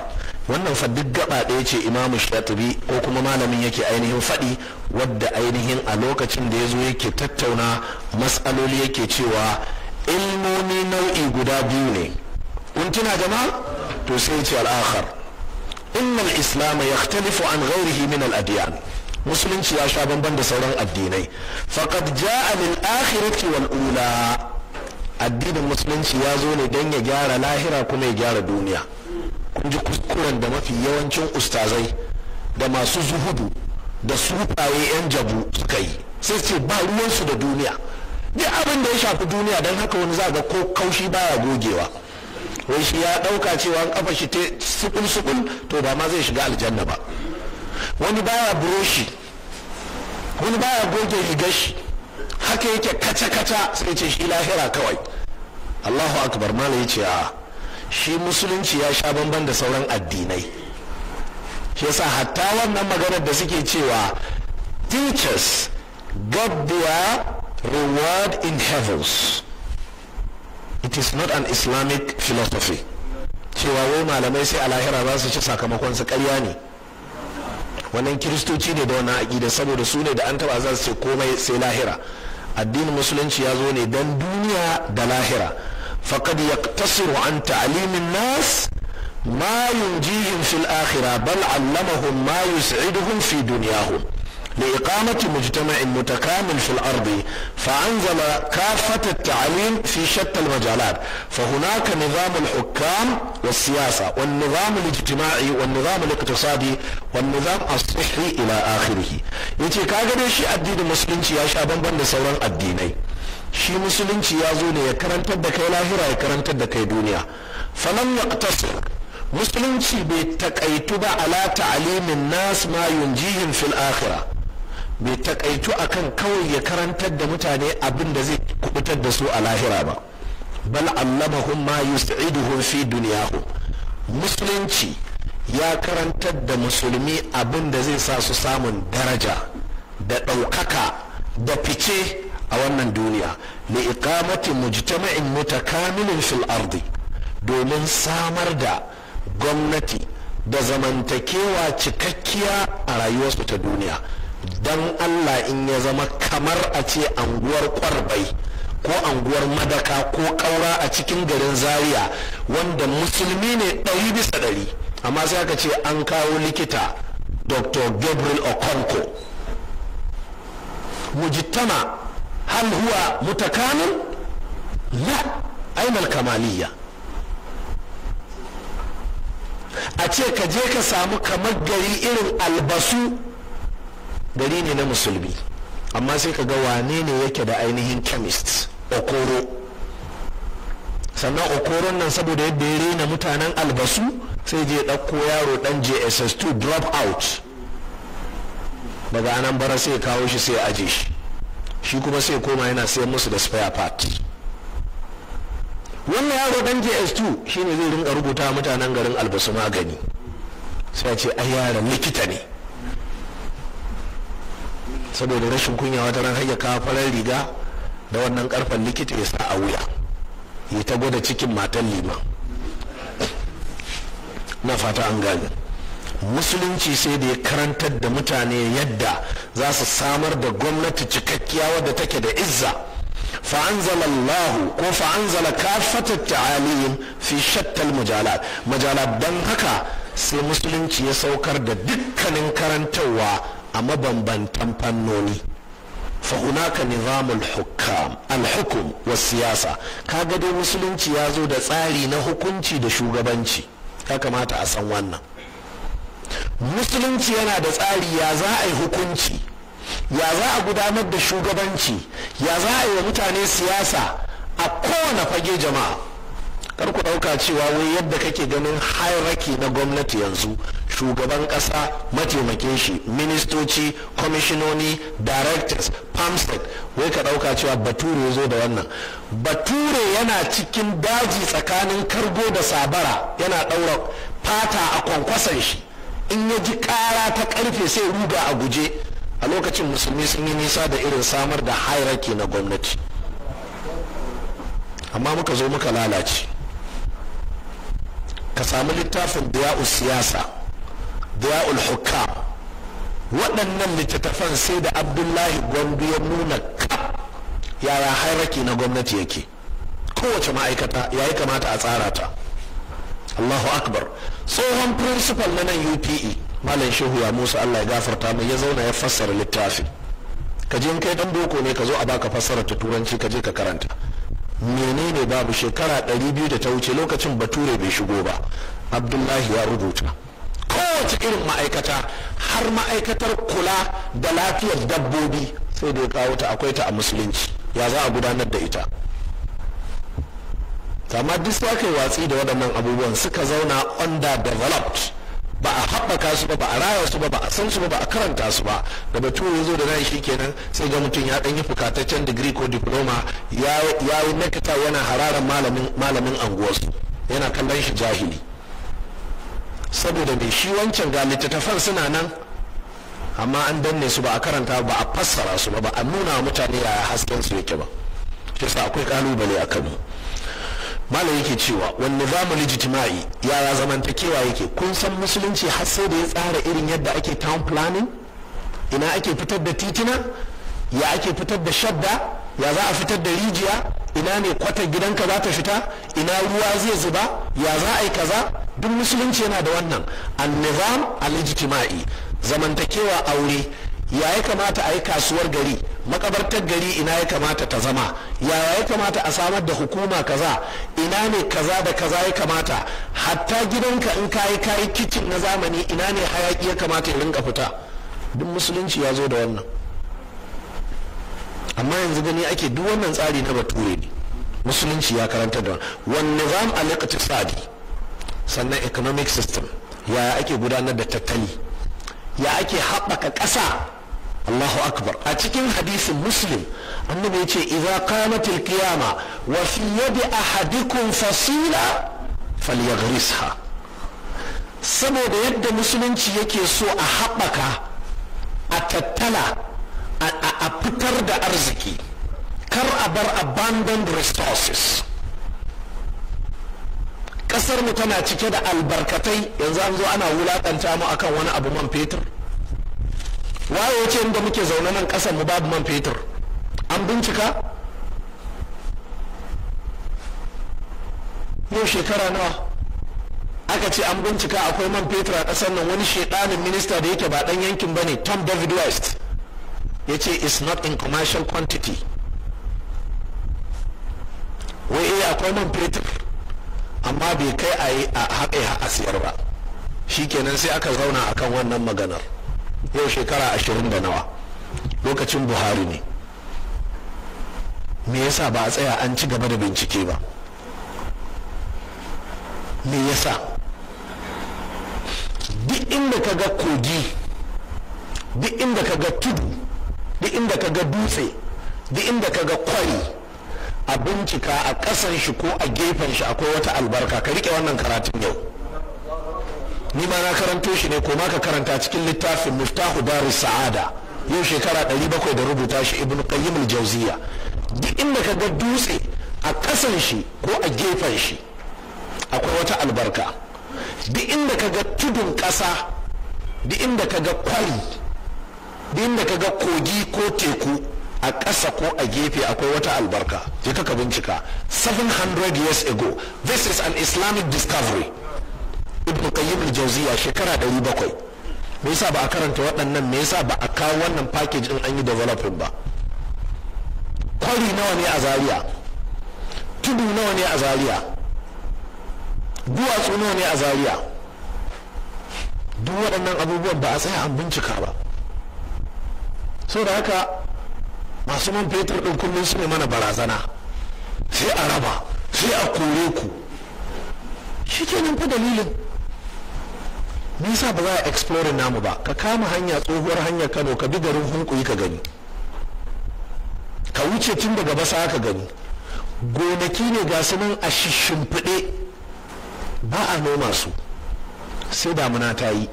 wannan fa duk gaba ɗaya ce imamu shatibi ko kuma malamin yake ainihin faɗi wadda ainihin a lokacin da ya zo yake tattauna matsaloli yake cewa ilmomi nau'i guda biyu ne kun tuna jama'a to sai ce al'akhar innal islam yakhtalifu an ghairihi min al adyan musulunci ya sha bamban da sauran addinai faqad jaa lil akhirati wal ula addinin musulunci ya zo ne don ya gyara lahira kuma ya gyara duniya kun ji kuskuren da mafi yawancin ustazai da masu zuhudu da sufaye yan jabu suka yi sai ce ba ruwansu da duniya duk abin da ya shafi duniya don haka wani za ga ko kaushi baya gogewa wai shi ya ɗauka cewa an kafa shi sukul sukul to ba ma zai shiga aljanna ba wani baya buroshi wani baya goge rigar shi haka yake kaca-kaca sai ce shi lahira kawai allahu akbar malam ya ce a shi musulunci ya sha bamban da sauran addinai shi yasa hatta wannan maganar da suke cewa teachers got their reward in heavens it is not an islamic philosophy cewa wai malamai sai a lahira za su ci sakamakon su karya ne wannan kiristoci ne da wannan aƙida saboda su ne da an taba za su ce komai sai lahira addinin musulunci ya zo ne don duniya da lahira faqad yaqtasiru an ta'limin nas ma yunjihim fil akhirah bal 'allamahum ma yus'iduhum fi dunyahum لإقامة مجتمع متكامل في الأرض فأنزل كافة التعليم في شتى المجالات فهناك نظام الحكام والسياسة والنظام الاجتماعي والنظام الاقتصادي والنظام الصحي إلى آخره يتي كاغدي شي الدين المسلم يا شابان بند سورا الديني شي مسلم يا زوني ne ya karantar da kai lahira ya karantar da kai duniya falam yaqtasir musulunci bai takaitu ba ala ta'alimin nas ma bai takaitu kan kawai ya karantar da mutane abin da zai kubutar da su a lahira ba bal allamahum ma yus'iduhum fi dunyahum musulunci ya karantar da musulmi abin da zai sa su samun daraja da ɗaukaka da fice a wannan duniya li iqamati mujtama'in mutakamilin fil ardi domin samar da gwamnati da zamantakewa cikakkiya a rayuwarsu ta duniya don allah in ya zama kamar a ce anguwar kwarbai ko anguwar madaka ko kaura a cikin garin zaria wanda musulmi ne ɗari bisa ɗari amma sai aka ce an kawo likita dr gabriel okonko mujittama hal huwa mutakamin la Aimal kamaliya a ce ka je ka samu kamar gari irin albasu gari ne na musulmi amma sai ka ga wane ne yake da ainihin chemist okoro sannan okoron nan saboda yadda ya rena mutanen albasu sai je ɗauko yaro ɗan jss2 drop out daga anan bara sai kawo shi sai aje shi shi kuma sai koma yana sayan musu da spare part wannan yaro ɗan js2 shine zai rinka rubuta mutanen garin albasu magani sai ce ai yaran likita ne saboda rashin kunya wata ran har ya kawo farar riga da wannan karfan likita ya sa a wuya ya ta gwada cikin matan lima. na fata an gane musulunci sai da ya karantar da mutane yadda za su samar da gwamnati cikakkiya wadda take da izza فأنزل الله ko فأنزل كافة التعاليم في شتى المجالات مجالات haka sai musulunci ya saukar da dukkanin karantarwa a mabambantan fannoni fa hunaka nizamul hukam al-hukum wa siyasa kaga dai musulunci ya zo da tsari na hukunci da shugabanci ya kamata a san wannan musulunci yana da tsari ya za a yi hukunci ya za a gudanar da shugabanci ya za a yi wa mutane siyasa a kowane fage jama'a kar ku ɗauka cewa wai yadda kake ganin hairaki na gwamnati yanzu shugaban ƙasa mataimakin shi ministoci kwamishinoni directors pamsec wai ka ɗauka cewa bature zo da wannan bature yana cikin daji tsakanin kargo da sabara yana ɗaura fata a kwankwasan shi in ya ji ƙara ta ƙarfe sai ruga a guje a lokacin musulmi sun yi nisa da irin samar da hierarchy na gwamnati amma muka zo muka lalace ka samu littafin da siyasa diya'ul hukka waɗannan littattafan sai da abdullahi gwandu ya nuna kaf yaya hairaki na gwamnati yake kowace ma'aikata ya yi kamata a tsara ta allahu akbar tsohon principal na nan upe malam shehu ya musa allah ya gafarta mai ya zauna ya fassara littafi ka je kai dan boko ne ka zo a baka fassara ta turanci ka je ka karanta menene babu shekara 200 da ta wuce lokacin bature bai shigo ba abdullahi ya rubuta kowace irin ma'aikata har ma'aikatar kula da lafiyar dabbobi sai da ya kawo ta akwai ta a musulunci ya za a gudanar da ita kama duk watsi da waɗannan abubuwan suka zauna under developed ba a haɓaka su ba ba a raya su ba ba a san su ba ba a karanta su ba da bature ya zo da nan shi kenan sai ga mutum ya ɗan yi fukataccen digiri ko diploma ya yi nakata yana hararar malamin anguwarsu yana kallon shi jahili saboda mai shi wancan ga littattafan suna nan amma an danne su ba a karanta ba a fassara su ba ba a nuna mutane yaya hasken su yake ba shi sa akwai kalubale a kanu malam yake cewa wani nizamu lijitimai yaya zamantakewa yake kun san musulunci har sai da ya tsara irin yadda ake town planning ina ake fitar da titina ya ake fitar da shadda ya za a fitar da rijiya ina ne kwatar gidanka za ta fita ina ruwa zai zuba ya za a yi kaza duk musulunci yana da wannan annizam alijtimai zamantakewa aure ya ya kamata a yi kasuwar gari makabartar gari ina ya kamata ta zama ya ya kamata a samar da hukuma kaza ina ne kaza da kaza ya kamata hatta gidanka in ka yi kicin na zamani ina ne hayaki ya kamata ya rinka fita duk musulunci ya zo da wannan amma yanzu gani ake duk wannan tsari na bature ne musulunci ya karanta da wani nizam al-iqtisadi sannan economic system ya ake gudanar da tattali ya ake haɓaka ƙasa Allahu akbar a cikin hadisin muslim annabi ya ce idza qamatil qiyama wa fi yadi ahadikum fasila falyaghrisha saboda yadda musulunci yake so a haɓaka a tattala a fitar da arziki kar a bar abandoned resources kasar mu tana cike da albarkatai yanzu an zo ana wulakanta mu akan wani abu man fetur waye ce inda muke zaune nan kasar mu babu man fetur an bincika yau shekara nawa aka ce an bincika akwai man fetur a kasar nan wani shedanin minista da yake ba dan yankin bane tom david west ya ce is not in commercial quantity wai iya eh, akwai man fetur amma bai kai a yi a haɗe a siyar ba shi kenan sai aka zauna akan wannan maganar yau shekara ashirin da nawa lokacin buhari ne me yasa ba a tsaya an ci gaba da bincike ba me yasa duk inda ka ga kogi duk inda ka ga tudu duk inda ka ga dutse duk inda ka ga kwari a bincika a ƙasan shi ko a gefen shi akwai wata albarka ka rike wannan karatun yau ni ma na karanto shi ne ko ma ka karanta cikin littafin muftahu daru sa'ada yau shekara ɗari 700 da rubuta shi ibnu qayyim al-jawziya duk inda ka ga dutse a ƙasan shi ko a gefen shi akwai wata albarka duk inda ka ga tudun ƙasa duk inda ka ga kwari din da kaga kogi ko teku a ƙasa ko a gefe akwai wata albarka je ka bincika 700 years ago this is an islamic discovery ibn qayyim al-jawziya shekara 700 me yasa ba a karanta waɗannan me yasa ba a kawo wannan package din an yi developing ba kwari nawa ne a zaria tudu nawa ne a zaria duwatsu nawa ne a zaria duk waɗannan abubuwan ba a tsaya an bincika ba so da haka masu man fetur ɗin kullum su ne mana barazana sai a raba sai a kore ku shi ke nan fa dalilin nisa ba za a explore namu ba ka kama hanya tsohuwar hanyar kano ka bi garin hunkuyi ka gani ka wuce tun daga basa ka gani gonaki ne ga su nan a shimfiɗe ba a noma su sai damuna ta yi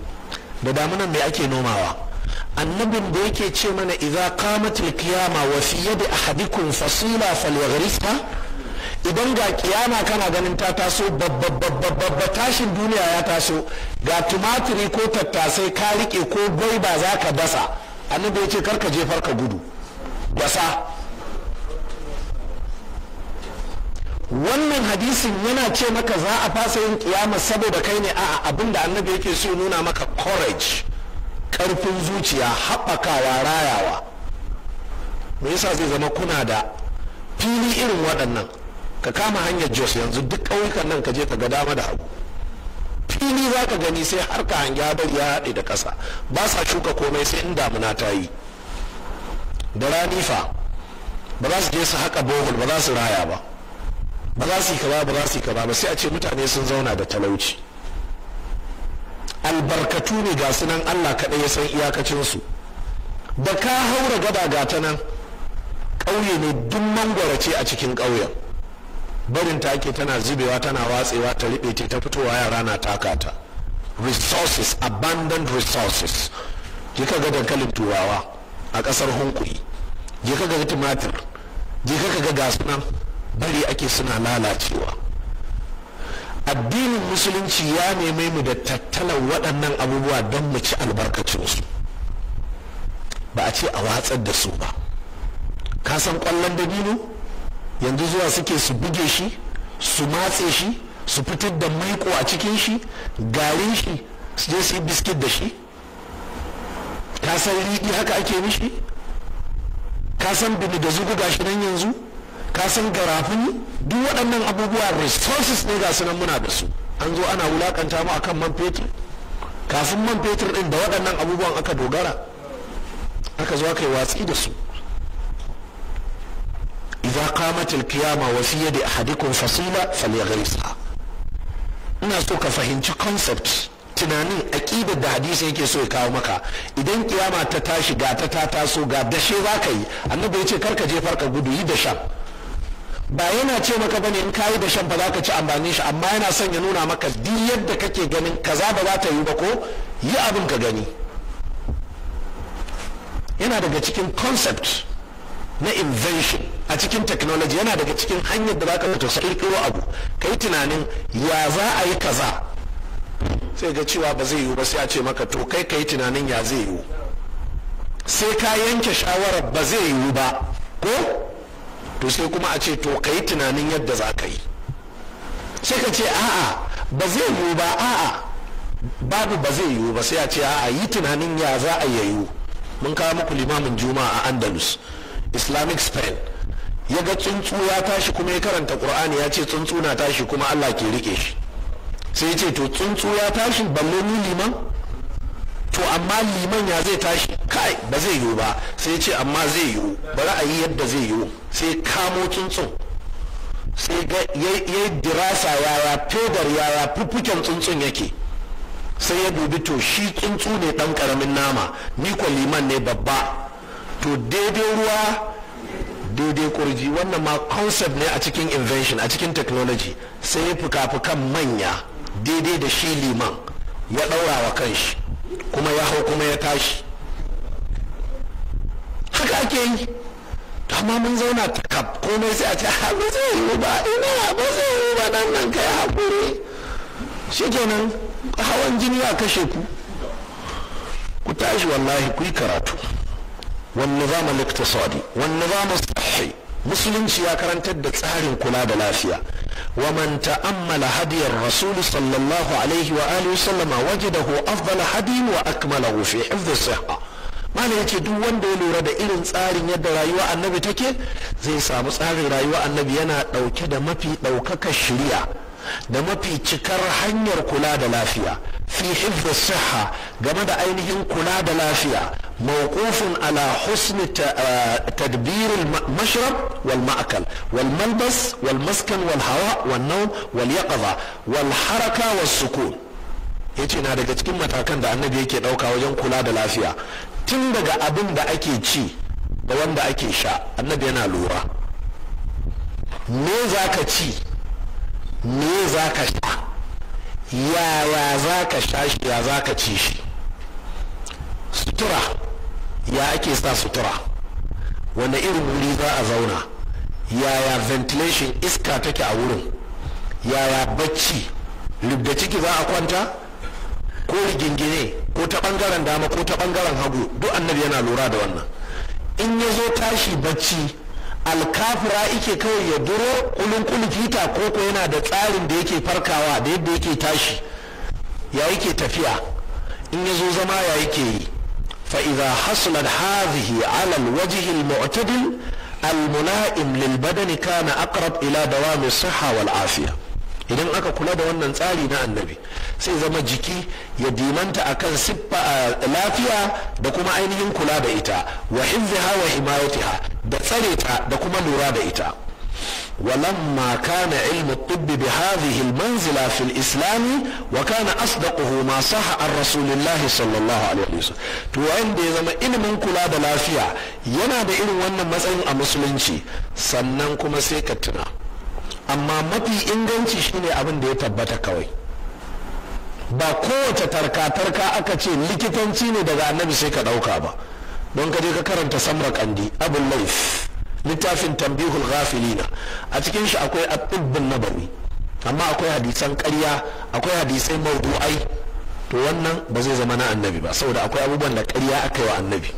da damunan mai ake nomawa annabin da yake ce mana idza qamatil qiyama wa fi yadi ahadikum fasila falyaghrisha idan ga kiyama kana ganin ta taso babba tashin duniya ya taso ga tumatiri ko tattasai ka rike ko gwaiba za ka dasa annabi ya ce karka jefar ka gudu dasa wannan hadisin yana ce maka za a fasa yin kiyama saboda kai ne a abinda annabi yake so nuna maka courage karfin zuciya haɓakawa rayawa me yasa zai zama kuna da fili irin waɗannan ka kama hanyar jos yanzu duk ƙauyukan nan ka je ka ga dama da abu fili za ka gani sai har ka hangi ya haɗe da ƙasa ba sa shuka komai sai in damuna ta yi da rani fa ba za su je su haƙa bohol ba za su raya ba ba za su yi kaba ba za su yi kaba ba sai a ce mutane sun zauna da talauci albarkatu ne ga sunan allah kaɗai ya san iyakacinsu da ka haura gada ga ta nan ƙauye ne duk mangwara ce a cikin ƙauyen barin ta ake tana zubewa tana watsewa ta riɓe ta fitowa yara na taka ta resources abundant resources je ka ga dankalin turawa a ƙasar hunkuri je ka ga tumatir je ka ga gasu nan bari ake suna lalacewa addinin musulunci ya neme mu da tattalan waɗannan abubuwa don mu ci albarkacinsu ba a ce a watsar da su ba ka san ƙwallon dabino yanzu zuwa suke su buge shi su matse shi su fitar da maiko a cikin shi garin shi su je su yi biskit da shi ka san riɗi haka ake mishi ka san bini da zugu shi nan yanzu ka san garafin duk waɗannan abubuwa resources ne ga sunan muna da su an zo ana wulakanta mu akan man fetur kafin man fetur ɗin da waɗannan abubuwan aka dogara aka zo aka yi watsi da su idza qamat qiyama wa fi yadi fasila falyaghrisha ina so ka fahimci concept tunanin aƙidar da hadisi yake so ya kawo maka idan kiyama ta tashi ga ta ta taso ga dashe za ka yi annabi ya ce kar ka je ka gudu yi da sha. ba yana ce maka bane in kayi da shan ba za ka ci amfani shi amma yana son ya nuna maka duk yadda kake ganin kaza ba za ta yi ba ko yi abin ka gani yana daga cikin concept na invention a cikin technology yana daga cikin hanyar da za ka kirkiro abu kai yi tunanin ya za a yi kaza sai ga cewa ba zai yiwu ba sai a ce maka to kai ka tunanin ya zai yiwu sai ka yanke shawarar ba zai yiwu ba ko to sai kuma a ce to ka yi tunanin yadda za ka yi sai ka ce a'a ba zai yiwu ba a'a babu ba zai yiwu ba sai a ce a'a yi tunanin ya za a yayu mun kawo muku limamin juma a andalus islamic spain ya ga tsuntsu ya tashi kuma ya karanta qur'ani ya ce tsuntsu na tashi kuma allah ke rike shi sai ya ce to tsuntsu ya tashi balle ni liman to amma liman ya zai tashi kai ba zai yiwu ba sai ce amma zai yiwu bari a yi yadda zai yiwu sai kamo tsuntsun sai ya yi dirasa yaya fedar yaya fuffuken tsuntsun yake sai ya dubi to shi tsuntsu ne dan karamin nama ni ko liman ne babba to daidai ruwa daidai kurji wannan ma concept ne a cikin invention a cikin technology sai ya fuka-fukan manya daidai da shi liman ya ɗaura wa kanshi kuma ya hau kuma ya tashi haka ake yi amma mun zauna ta kaf komai sai a ce ha ah, ba zai yi ba ina ba zai yi ba nan nan kai hakuri shikenan hawan jini ya kashe ku ku tashi wallahi ku yi karatu wani zama liktasadi wani zama sahi musulunci ya karantar da tsarin kula da lafiya ومن تأمل هدي الرسول صلى الله عليه وآله وسلم وجده أفضل هدي وأكمله في حفظ الصحة malam ya ce duk wanda ya lura da irin tsarin yadda rayuwa annabi take zai samu tsarin rayuwa annabi yana ɗauke da mafi ɗaukakar shirya da mafi cikar hanyar kula da lafiya fi hifz siha game da ainihin kula da lafiya mawqufun ala husni eh, tadbir mashrab wal ma'kal wal malbas wal maskan wal hawa wal wal yaqza wal haraka sukun yace na daga cikin matakan da annabi yake dauka wajen kula da lafiya tun daga abin da ake ci da wanda ake sha annabi yana lura me zaka ci me za ka sha yaya za ka sha shi ya za ka ci shi sutura ya ake sa sutura wanda irin wuri za a zauna yaya ventilation iska take a wurin yaya bacci rubda ciki za a kwanta ko rigingine ko ta bangaren dama ko ta bangaren hagu duk annabi yana lura da wannan in ya zo tashi bacci alkafira ike kawai ya duro kulun kulkita koko yana da tsarin da yake farkawa da yadda yake tashi ya yake tafiya in ya zo zama ya yake yi fa'iza hasulat hazihi alal wajihil mu'tadil al-mula'im lil badani kana aqrab ila dawami siha wal afiya idan aka kula da wannan tsari na annabi sai zama jiki ya dimanta a kan siffa a lafiya da kuma ainihin kula da ita wa hinzi hawa himayoti ha da tsare ta da kuma lura da ita walan ma kana ilmu tubbi bi hadhihi almanzila fi alislam wa kana asdaquhu ma sahha ar-rasulullah sallallahu alaihi wasallam to wanda ya zama ilmin kula da lafiya yana da irin wannan matsayin a musulunci sannan kuma sai ka tuna amma mafi inganci shine abin da ya tabbata kawai ba kowace tarka-tarka aka ce likitanci ne daga annabi sai ka ɗauka ba don ka je ka karanta samra kandi abin laif littafin tambihul ghafilina a cikin shi akwai abubuwan nabawi amma akwai hadisan karya akwai hadisai mawdu'ai to wannan ba zai zama na annabi ba saboda akwai abubuwan da karya aka yi wa annabi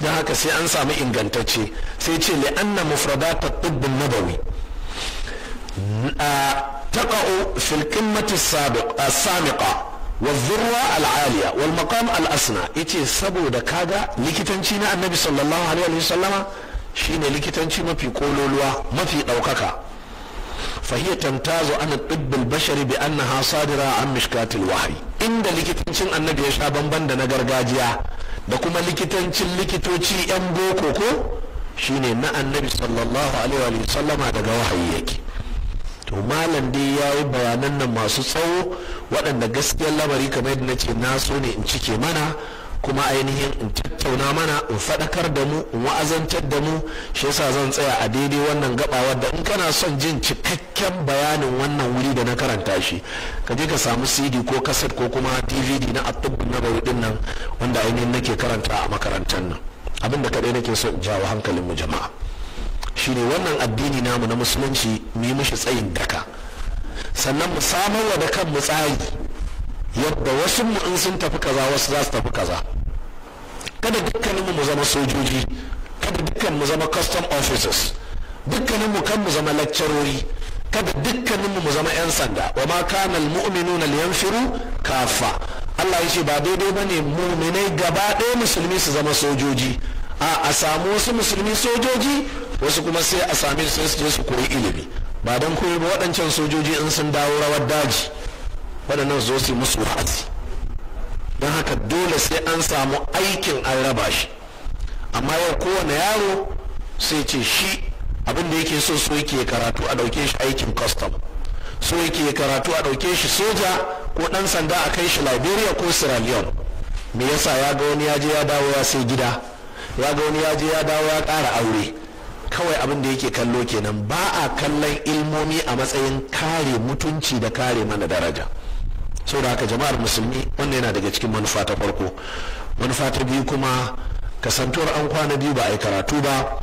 don haka sai an samu ingantacce sai ce li'anna mufradat at nabawi تقع في القمة السابقة السامقة والذروة العالية والمقام الأسنى يتي سبو دكاغا لكتنشينا النبي صلى الله عليه وسلم شين لكتنشي ما في قولولوا ما في دوكاكا فهي تمتاز عن الطب البشري بأنها صادرة عن مشكات الوحي عند لكتنشين النبي يشا بمبان دنا غرغاجيا da kuma likitancin likitoci 'yan boko ko shine na annabi sallallahu alaihi wa sallama daga wahayi yake to malam dai ya yi bayanan nan masu tsawo waɗanda gaskiyar lamari kamar yadda na ce na so ne in cike mana kuma ainihin in tattauna mana in faɗakar da mu in wa'azantar da mu shi yasa zan tsaya a daidai wannan gabawar da in kana son jin cikakken bayanin wannan wuri da na karanta shi ka je ka samu cd ko kaset ko kuma dvd na atubbin na din nan wanda ainihin nake karanta a makarantar nan abinda da kaɗai nake so in jawo hankalin mu jama'a shine wannan addini namu na musulunci mu yi mishi tsayin daka sannan mu samar wa da kan mu tsari yadda wasu mu in sun tafi kaza wasu za su tafi kaza kada dukkanin mu zama sojoji kada dukkan mu zama custom officers dukkanin mu kan mu zama lakcarori kada dukkanin mu zama yan sanda wa ma kana al mu'minuna liyanfiru kafa Allah ya ce ba daidai bane mu'minai gaba ɗaya musulmi su zama sojoji a a samu wasu musulmi sojoji wasu kuma sai a sami su su je su koyi ilimi ba don koyi ba waɗancan sojoji in sun dawo rawar daji waɗannan zo su musu wa'azi don haka dole sai an samu aikin an raba shi amma yau kowane yaro sai ce shi abin da yake so so yake karatu a ɗauke shi aikin custom so yake karatu a ɗauke shi soja ko ɗan sanda a kai shi liberia ko sierra leone me yasa ya ga wani ya je ya dawo ya sai gida ya ga wani ya je ya dawo ya ƙara aure kawai abin da yake kallo kenan ba a kallon ilmomi a matsayin kare mutunci da kare mana daraja saboda haka jama'ar musulmi wannan yana daga cikin manufa ta farko manufa ta biyu kuma kasantuwar an kwana biyu ba a yi karatu ba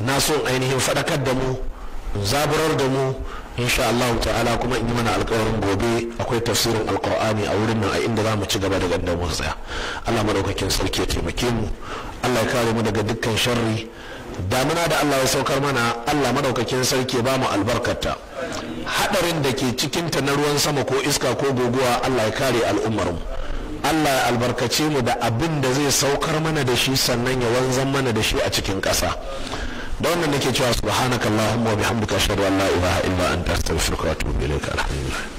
na so ainihin faɗakar da mu zaburar da mu insha Allah ta'ala kuma in yi mana alƙawarin gobe akwai tafsirin alƙur'ani a wurin nan a inda za mu ci gaba da gandun tsaya Allah madaukakin sarki ya taimake mu Allah ya kare mu daga dukkan sharri damuna da Allah ya saukar mana Allah madaukakin sarki ba mu albarkarta hadarin da ke cikin ta na ruwan sama ko iska ko guguwa Allah ya kare al'ummar mu Allah ya albarkace mu da abin da zai saukar mana da shi sannan ya wanzan mana da shi a cikin ƙasa da wannan nake cewa subhanakallahumma wa bihamdika ashhadu an la ilaha illa anta astaghfiruka wa atubu ilaika alhamdulillah